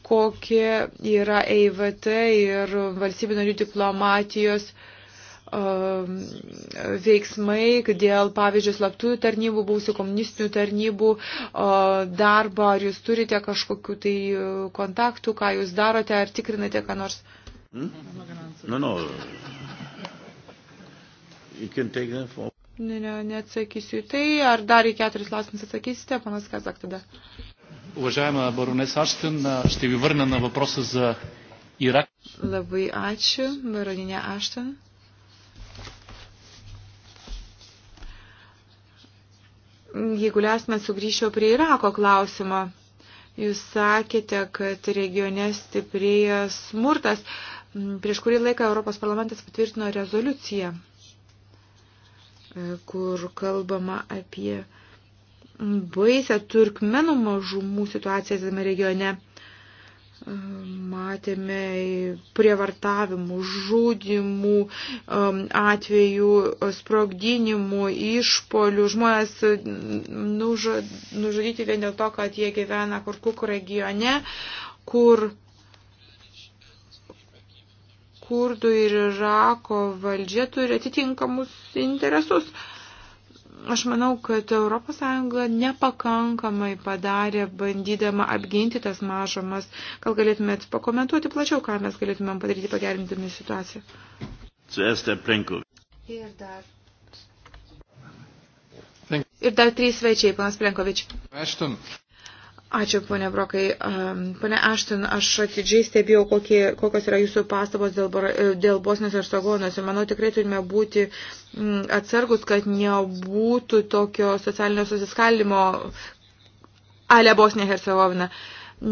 Kokie yra EIVT ir valstybių narių diplomatijos uh, Um, veiksmai dėl, pavyzdžiui, slaptųjų tarnybų, būsų komunistinių tarnybų darbo, ar jūs turite kažkokių tai uh, kontaktų, ką jūs darote, ar tikrinate, ką nors. Hmm? No, no. For... Ne, ne, neatsakysiu. Tai ar dar į keturis klausimus atsakysite, panas Kazak, tada. Уважаема баронес Аштен, ще ви върна на въпроса за Ирак. Labai ačiū, baroninė Aštena. jeigu leisime, sugrįžčiau prie Irako klausimo. Jūs sakėte, kad regione stiprėja smurtas. Prieš kurį laiką Europos parlamentas patvirtino rezoliuciją, e, kur kalbama apie baisę turkmenų mažumų situaciją tame regione. Matėme prievartavimų, žudimų um, atvejų, sprogdinimų, išpolių. Žmonės mm, nužudyti vien dėl to, kad jie gyvena Kurkuk regione, kur kurdų ir Irako valdžia turi atitinkamus interesus. Uh, Aš manau, kad ES nepakankamai padarė, bandydama apginti tas mažomas. Gal galėtumėt pakomentuoti plačiau, ką mes galėtumėm padaryti pagerindami situaciją? Ir dar. Ir dar trys svečiai, panas Plenkovič. Ashton, Ačiū, ponė Brokai. Pane Aštin, aš atidžiai stebėjau, kokie, kokios yra jūsų pastabos dėl, dėl Bosnės ir Sagonos. Ir manau, tikrai turime būti atsargus, kad nebūtų tokio socialinio susiskaldimo ale Bosnė Hercegovina.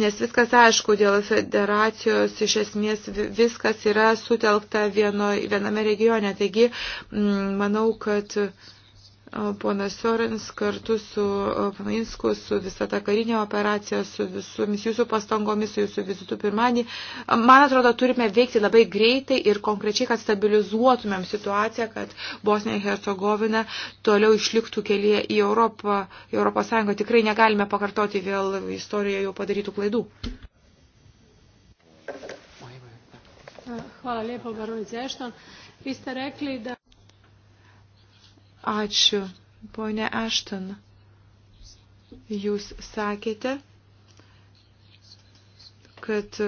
Nes viskas aišku, dėl federacijos iš esmės viskas yra sutelkta vieno, viename regione. Taigi, manau, kad. Uh, ponas Sorens kartu su Paminsku, su visa ta karinė operacija, su visomis jūsų pastangomis, su jūsų vizitu pirmadienį. Man atrodo, turime veikti labai greitai ir konkrečiai, kad stabilizuotumėm situaciją, kad Bosnija ir Hercegovina toliau išliktų kelyje į Europą, į Europos Sąjungą. Tikrai negalime pakartoti vėl istorijoje jau padarytų klaidų. Hvala lijepo, baronice Ešton. Vi ste rekli da Ačiū, ponė Ashton. Jūs sakėte, kad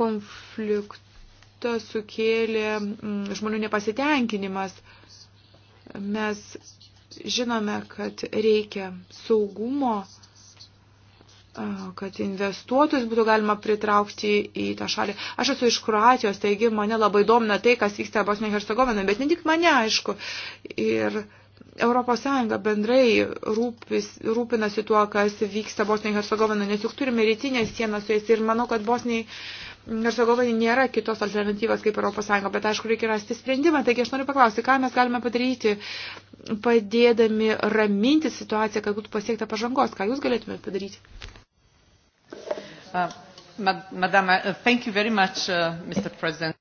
konfliktą sukėlė mm, žmonių nepasitenkinimas. Mes žinome, kad reikia saugumo kad investuotojus būtų galima pritraukti į tą šalį. Aš esu iš Kroatijos, taigi mane labai domina tai, kas vyksta Bosnijoje Hercegovinoje, bet ne tik mane, aišku. Ir Europos Sąjunga bendrai rūpis, rūpinasi tuo, kas vyksta Bosnijoje Hercegovinoje, nes juk turime rytinę sieną su jais ir manau, kad Bosnijai Hercegovinai nėra kitos alternatyvos kaip Europos Sąjunga, bet aišku, reikia rasti sprendimą. Taigi aš noriu paklausti, ką mes galime padaryti, padėdami raminti situaciją, kad būtų pasiekta pažangos, ką jūs galėtumėte padaryti. Uh, madam, uh, thank you very much, uh, Mr. President.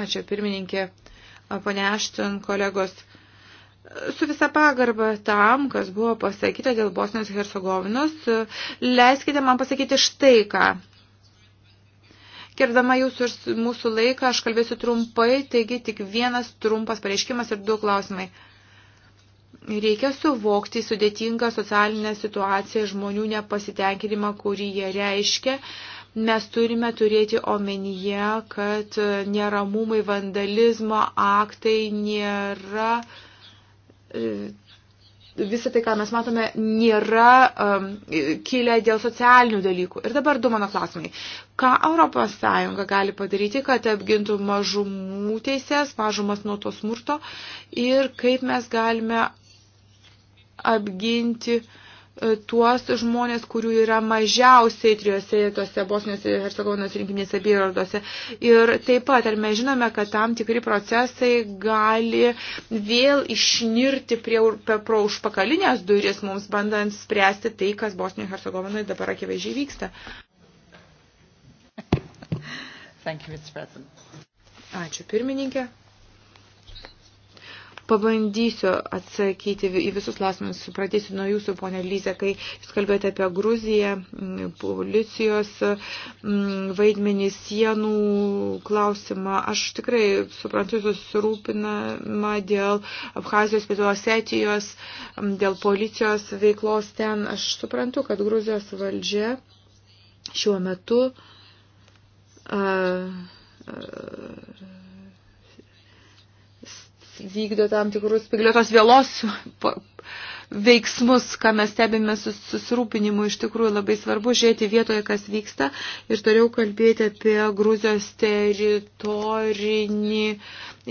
Ačiū, pirmininkė. Uh, Pone Ashton, kolegos, uh, su visa pagarba tam, kas buvo pasakyta dėl Bosnijos Hercegovinos, uh, leiskite man pasakyti štai ką. Kirdama jūsų ir mūsų laiką, aš kalbėsiu trumpai, taigi tik vienas trumpas pareiškimas ir du klausimai. Uh, Reikia suvokti sudėtingą socialinę situaciją žmonių nepasitenkinimą, kurį jie reiškia. Mes turime turėti omenyje, kad neramumai, vandalizmo aktai nėra e, visą tai, ką mes matome, nėra um, kilę dėl socialinių dalykų. Ir dabar du mano klausimai. Ką ES gali padaryti, kad apgintų mažumų teises, mažumas nuo to smurto ir kaip mes galime apginti e, tuos žmonės, kurių yra mažiausiai trijose tose Bosnijos ir Hercegovinos rinkiminėse apygardose. Ir taip pat, ar mes žinome, kad tam tikri procesai gali vėl išnirti prie, prie, prie užpakalinės duris, mums bandant spręsti tai, kas Bosnijoje ir Hercegovinoje dabar akivaizdžiai vyksta. Thank you, Mr. President. Ačiū pirmininkė. Pabandysiu atsakyti į visus klausimus. Pradėsiu nuo jūsų, ponė Lyze, kai jūs kalbėjote apie Gruziją, policijos vaidmenį, sienų klausimą. Aš tikrai suprantu susirūpinama dėl Abhazijos, Pietų Osetijos, dėl policijos veiklos ten. Aš suprantu, kad Gruzijos valdžia šiuo metu. Uh, uh, vykdo tam tikrus spigliuotos vėlos veiksmus, ką mes stebime su susirūpinimu, iš tikrųjų labai svarbu žiūrėti vietoje, kas vyksta ir turėjau kalbėti apie Gruzijos teritorinį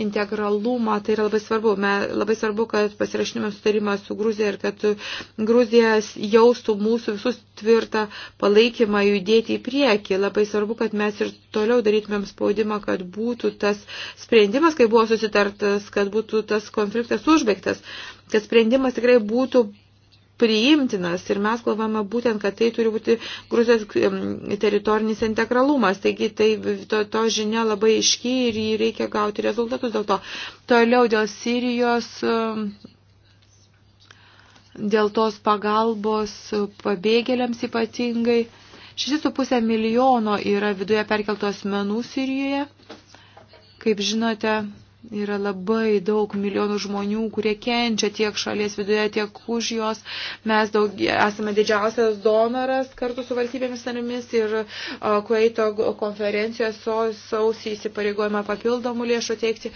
integralumą. Tai yra labai svarbu. Me, labai svarbu, kad pasirašinime sutarimą su Gruzija ir kad Gruzija jaustų mūsų visus tvirtą palaikymą judėti į priekį. Labai svarbu, kad mes ir toliau darytumėm spaudimą, kad būtų tas sprendimas, kai buvo susitartas, kad būtų tas konfliktas užbaigtas kad sprendimas tikrai būtų priimtinas ir mes kalbame būtent, kad tai turi būti Gruzijos teritorinis integralumas. Taigi tai, to, to žinia labai iški ir jį reikia gauti rezultatus dėl to. Toliau dėl Sirijos, dėl tos pagalbos pabėgėliams ypatingai. 6,5 milijono yra viduje perkeltos menų Sirijoje. Kaip žinote, Yra labai daug milijonų žmonių, kurie kenčia tiek šalies viduje, tiek už jos. Mes daug, esame didžiausias donoras kartu su valstybėmis narimis ir Kueito konferencijos sausį įsipareigojama papildomų lėšų teikti.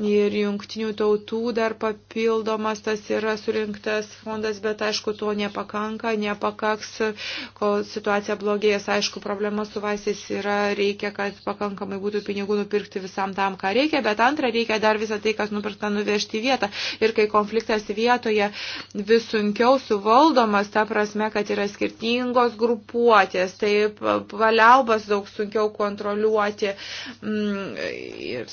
Ir jungtinių tautų dar papildomas tas yra surinktas fondas, bet aišku, to nepakanka, nepakaks, kol situacija blogės. Aišku, problema su vaisiais yra, reikia, kad pakankamai būtų pinigų nupirkti visam tam, ką reikia, bet antra reikia reikia dar visą tai, kas nupirkta nuvežti į vietą. Ir kai konfliktas vietoje vis sunkiau suvaldomas, ta prasme, kad yra skirtingos grupuotės, tai paliaubas daug sunkiau kontroliuoti. Mm, ir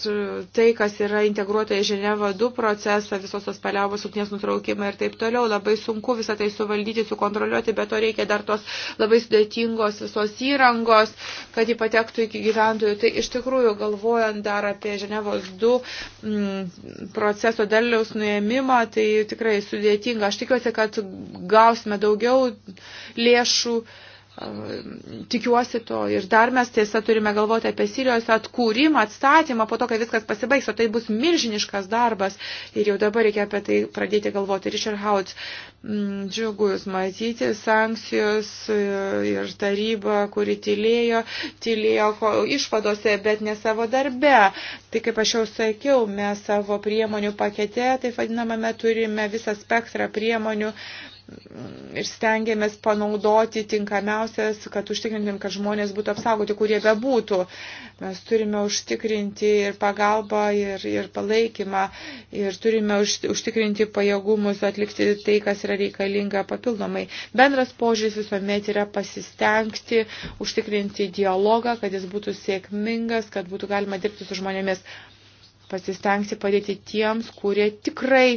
tai, kas yra integruota į Ženevą 2 procesą, visos tos paliaubos suknės nutraukimai ir taip toliau, labai sunku visą tai suvaldyti, sukontroliuoti, bet to reikia dar tos labai sudėtingos visos įrangos, kad jį patektų iki gyventojų. Tai iš tikrųjų, galvojant dar apie Ženevos 2 Mm, proceso derliaus nuėmimą, tai tikrai sudėtinga. Aš tikiuosi, kad gausime daugiau lėšų tikiuosi to. Ir dar mes tiesa turime galvoti apie Sirijos atkūrimą, atstatymą po to, kai viskas pasibaigs, o tai bus milžiniškas darbas ir jau dabar reikia apie tai pradėti galvoti. Richard Houts, džiugus mm, matyti sankcijos e, ir taryba, kuri tylėjo, tylėjo išvadose, bet ne savo darbe. Tai kaip aš jau sakiau, mes savo priemonių pakete, tai vadinamame, turime visą spektrą priemonių ir stengiamės panaudoti tinkamiausias, kad užtikrintum, kad žmonės būtų apsaugoti, kurie bebūtų. Mes turime užtikrinti ir pagalbą, ir, ir palaikymą, ir turime užtikrinti pajėgumus atlikti tai, kas yra reikalinga papildomai. Bendras požiūris visuomet yra pasistengti, užtikrinti dialogą, kad jis būtų sėkmingas, kad būtų galima dirbti su žmonėmis pasistengti padėti tiems, kurie tikrai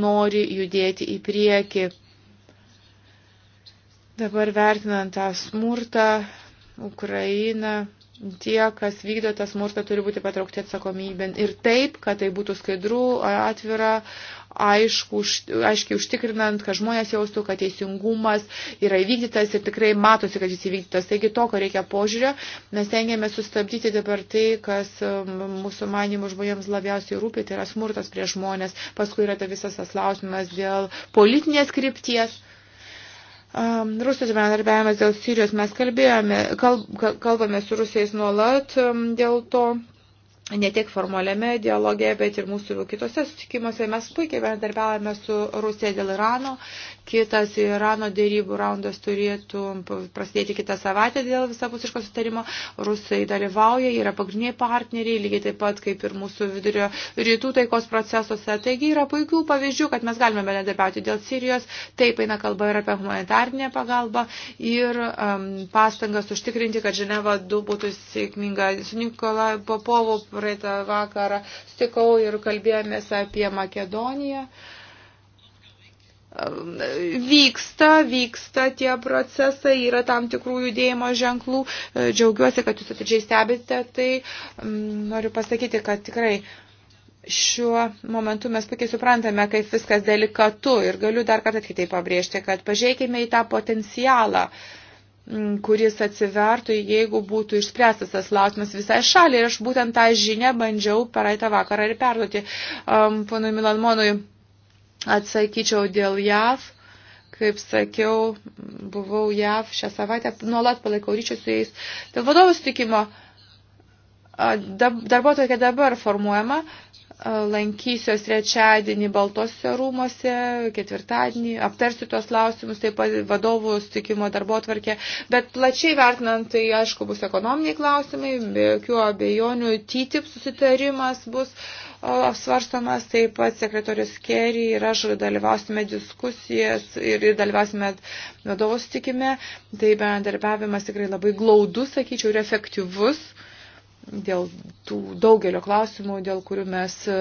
nori judėti į priekį Dabar vertinant tą smurtą, Ukrainą, tie, kas vykdo tą smurtą, turi būti patraukti atsakomybėn. Ir taip, kad tai būtų skaidru, atvira, aišku, aiškiai užtikrinant, kad žmonės jaustų, kad teisingumas yra įvykdytas ir tikrai matosi, kad jis įvykdytas. Taigi to, ko reikia požiūrio, mes tengiame sustabdyti dabar tai, kas mūsų manimų žmonėms labiausiai rūpi, tai yra smurtas prieš žmonės. Paskui yra ta visas tas klausimas dėl politinės krypties Um, Rusijos bendarbiavimas dėl Sirijos mes kalbėjome, kalb, kalbame su Rusijais nuolat um, dėl to ne tiek formaliame dialoge, bet ir mūsų kitose sutikimuose. Mes puikiai bendarbiavame su Rusija dėl Irano. Kitas Irano dėrybų raundas turėtų prasidėti kitą savaitę dėl visapusiško sutarimo. Rusai dalyvauja, yra pagrindiniai partneriai, lygiai taip pat kaip ir mūsų vidurio rytų taikos procesuose. Taigi yra puikių pavyzdžių, kad mes galime bendarbiauti dėl Sirijos. Taip eina kalba ir apie humanitarnę pagalbą ir um, pastangas užtikrinti, kad Ženeva 2 būtų sėkminga. Su Nikola Popovu praeitą vakarą stikau ir kalbėjomės apie Makedoniją. Ehm, vyksta, vyksta tie procesai, yra tam tikrų judėjimo ženklų. E, džiaugiuosi, kad jūs atidžiai stebite. Tai ehm, noriu pasakyti, kad tikrai šiuo momentu mes puikiai suprantame, kaip viskas delikatu ir galiu dar kartą kitaip pabrėžti, kad pažiūrėkime į tą potencialą. Uh, Mm, kuris atsivertų, jeigu būtų išspręstas tas lausmas visai šaliai. Ir aš būtent tą žinią bandžiau praeitą vakarą ir perduoti um, ponui Milanmonui. Atsakyčiau dėl JAV kaip sakiau, buvau JAV šią savaitę, nuolat palaikau ryčius su jais. Dėl vadovų sutikimo darbo tokia dabar formuojama, lankysiuos trečiadienį Baltosiuose rūmose, ketvirtadienį, aptarsiu tuos klausimus, taip pat vadovų sutikimo darbo atvarkė, bet plačiai vertinant, tai aišku, bus ekonominiai klausimai, be jokių abejonių, TTIP susitarimas bus apsvarstomas, taip pat sekretorius Kerry ir aš dalyvausime diskusijas ir, ir dalyvausime vadovų sutikime, tai bendarbiavimas tikrai labai glaudus, sakyčiau, ir efektyvus dėl tų daugelio klausimų, dėl kurių mes e,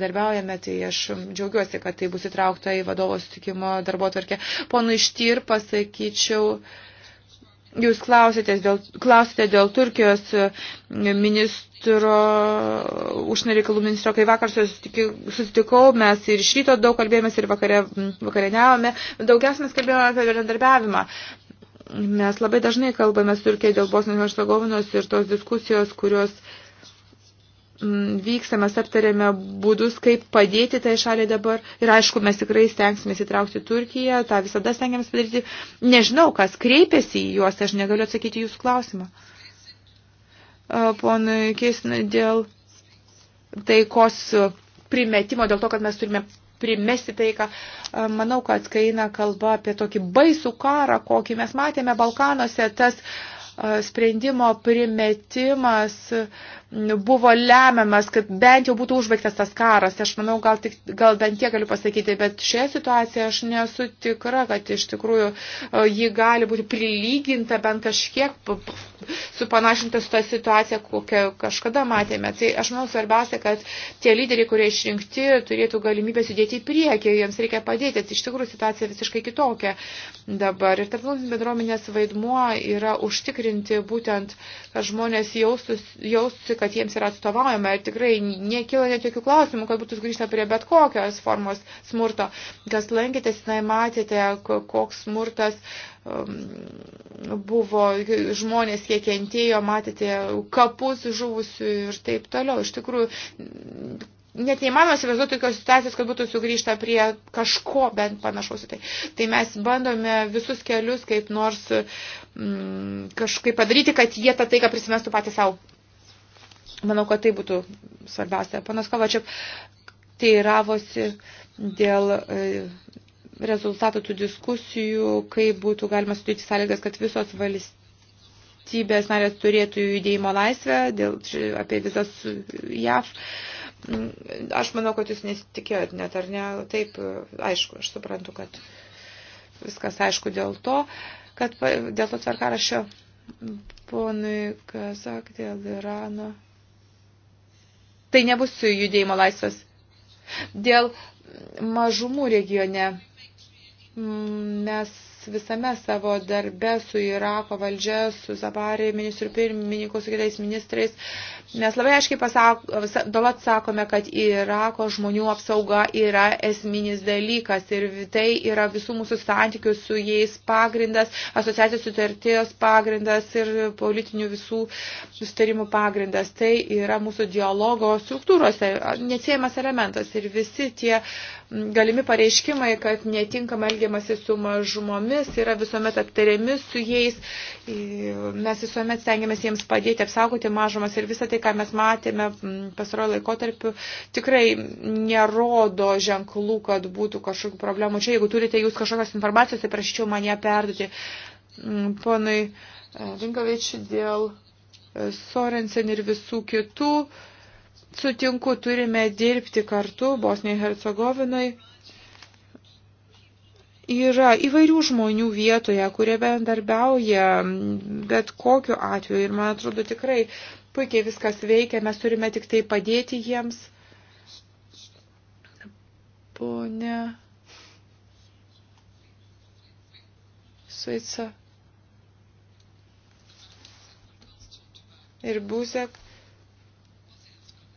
darbiaujame, tai aš džiaugiuosi, kad tai bus įtraukta į vadovo sutikimo darbo tvarkę. Ponui Štyr pasakyčiau, jūs klausėte dėl, klausėte dėl Turkijos e, ministro, užsienio reikalų ministro, kai vakar susitikau, mes ir iš ryto daug kalbėjomės ir vakare, vakarieniavome, daugiausiai mes kalbėjome apie bendradarbiavimą. Mes labai dažnai kalbame su Turkija dėl Bosnijos ir Hercegovinos ir tos diskusijos, kurios mm, vyksta, mes aptarėme būdus, kaip padėti tai šaliai dabar. Ir aišku, mes tikrai stengsime įtraukti Turkiją, tą visada stengiamės padaryti. Nežinau, kas kreipėsi į juos, aš negaliu atsakyti jūsų klausimą. Ponui Keisna, dėl taikos primetimo, dėl to, kad mes turime primesti taiką. Manau, kad kai eina kalba apie tokį baisų karą, kokį mes matėme Balkanuose, tas sprendimo primetimas buvo lemiamas, kad bent jau būtų užbaigtas tas karas. Aš manau, gal, tik, gal bent tie galiu pasakyti, bet šioje situacijoje aš nesu tikra, kad iš tikrųjų e, ji gali būti prilyginta bent kažkiek supanašinta su tą situaciją, kokią kažkada matėme. Tai aš manau svarbiausia, kad tie lyderiai, kurie išrinkti, turėtų galimybę judėti į priekį, jiems reikia padėti. Tai iš tikrųjų situacija visiškai kitokia dabar. Ir tarptautinis bendruomenės vaidmuo yra užtikrinti būtent, kad žmonės jaustųsi, jaustųsi kad jiems yra atstovaujama ir tikrai nekyla net jokių klausimų, kad būtų grįžta prie bet kokios formos smurto. Kas lankėtės, na, matėte, koks smurtas um, buvo, žmonės kiek kentėjo, matėte kapus žuvusių ir taip toliau. Iš tikrųjų, net neįmanoma įsivaizduoti tokios situacijos, kad būtų sugrįžta prie kažko bent panašaus. Tai, tai mes bandome visus kelius kaip nors mm, kažkaip padaryti, kad jie tą taiką prisimestų patys savo. Manau, kad tai būtų svarbiausia. Panas Kovačiap teiravosi dėl e, rezultatų tų diskusijų, kaip būtų galima sudėti sąlygas, kad visos valstybės narės turėtų judėjimo laisvę dėl, apie visas JAV. Mm, aš manau, kad jūs nesitikėjot net, ar ne? Taip, aišku, aš suprantu, kad viskas aišku dėl to, kad dėl to tvarkarašio ponui, ką sakė, dėl Irano. Tai nebus judėjimo laisvas. Dėl mažumų regione mes visame savo darbe su Irako valdžia, su Zabarė ministru pirmininku, su kitais ministrais. Mes labai aiškiai pasako, dolat sakome, kad Irako žmonių apsauga yra esminis dalykas ir tai yra visų mūsų santykių su jais pagrindas, asociacijos sutartijos pagrindas ir politinių visų sustarimų pagrindas. Tai yra mūsų dialogo struktūrose neatsiejamas elementas ir visi tie galimi pareiškimai, kad netinkama elgiamasi su mažumomis jomis, yra visuomet aptariami su jais, mes visuomet stengiamės jiems padėti apsaugoti mažumas ir visą tai, ką mes matėme pastaruoju laikotarpiu, tikrai nerodo ženklų, kad būtų kažkokių problemų. Čia, jeigu turite jūs kažkokios informacijos, tai prašyčiau man ją perduoti. Ponai e, Vinkovič, dėl e, Sorensen ir visų kitų. Sutinku, turime dirbti kartu Bosniai Hercegovinai yra įvairių žmonių vietoje, kurie bendarbiauja bet kokiu atveju ir man atrodo tikrai puikiai viskas veikia, mes turime tik tai padėti jiems. Pone. Suica. Ir Būzek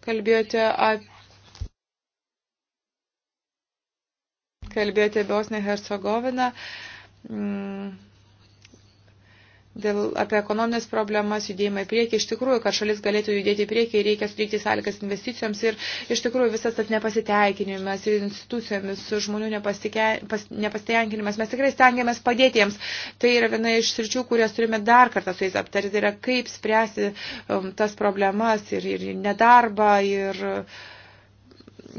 kalbėjote apie kalbėjote Bosnė Hercegovina. Mm, dėl apie ekonominės problemas judėjimą į priekį, iš tikrųjų, kad šalis galėtų judėti į priekį, reikia suteikti sąlygas investicijoms ir iš tikrųjų visas tas nepasitenkinimas institucijomis, žmonių nepasitenkinimas, mes tikrai stengiamės padėti jiems. Tai yra viena iš sričių, kurias turime dar kartą su jais aptarti, tai yra kaip spręsti um, tas problemas ir, ir nedarbą ir uh,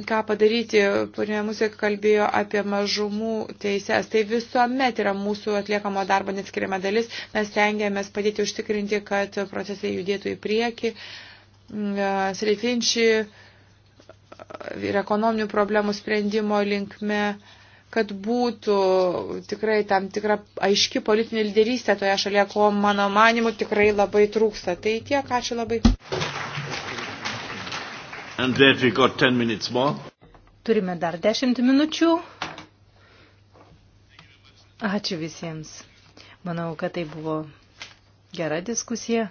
ką padaryti, ponė Musik kalbėjo apie mažumų teises. Tai visuomet yra mūsų atliekamo darbo neatskiriama dalis. Mes tengiamės padėti užtikrinti, kad procesai judėtų į priekį. Sreifinči ir ekonominių problemų sprendimo linkme kad būtų tikrai tam tikra aiški politinė lyderystė toje šalyje, ko mano manimu tikrai labai trūksta. Tai tiek, ačiū labai. Turime dar 10 minučių. Ačiū visiems. Manau, kad tai buvo gera diskusija.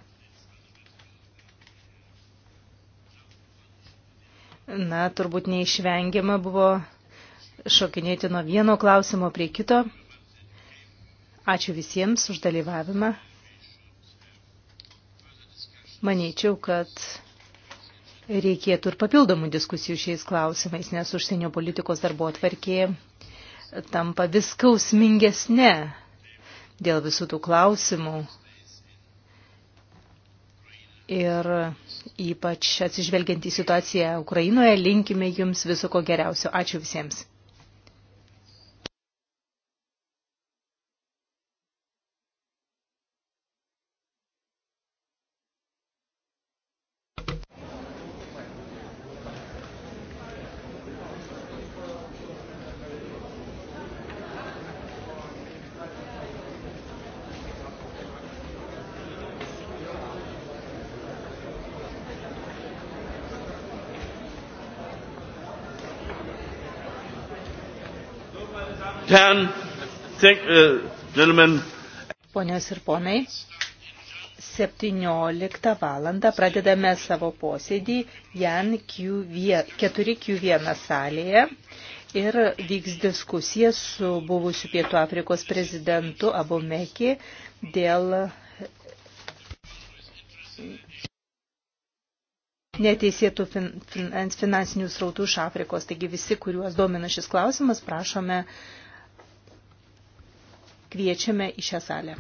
Na, turbūt neišvengiama buvo šokinėti nuo vieno klausimo prie kito. Ačiū visiems už dalyvavimą. Manyčiau, kad reikėtų ir papildomų diskusijų šiais klausimais, nes užsienio politikos darbo atvarkė tampa vis skausmingesnė dėl visų tų klausimų. Ir ypač atsižvelgiant į situaciją Ukrainoje, linkime jums viso ko geriausio. Ačiū visiems. Herren, thank, uh, gentlemen. Ponios ir ponai, 17 valandą pradedame savo posėdį Jan Q4Q1 salėje ir vyks diskusija su buvusiu Pietų Afrikos prezidentu Abomeki dėl neteisėtų fin, fin, finansinių srautų iš Afrikos. Taigi visi, kuriuos domina šis klausimas, prašome uh, kviečiame į šią salę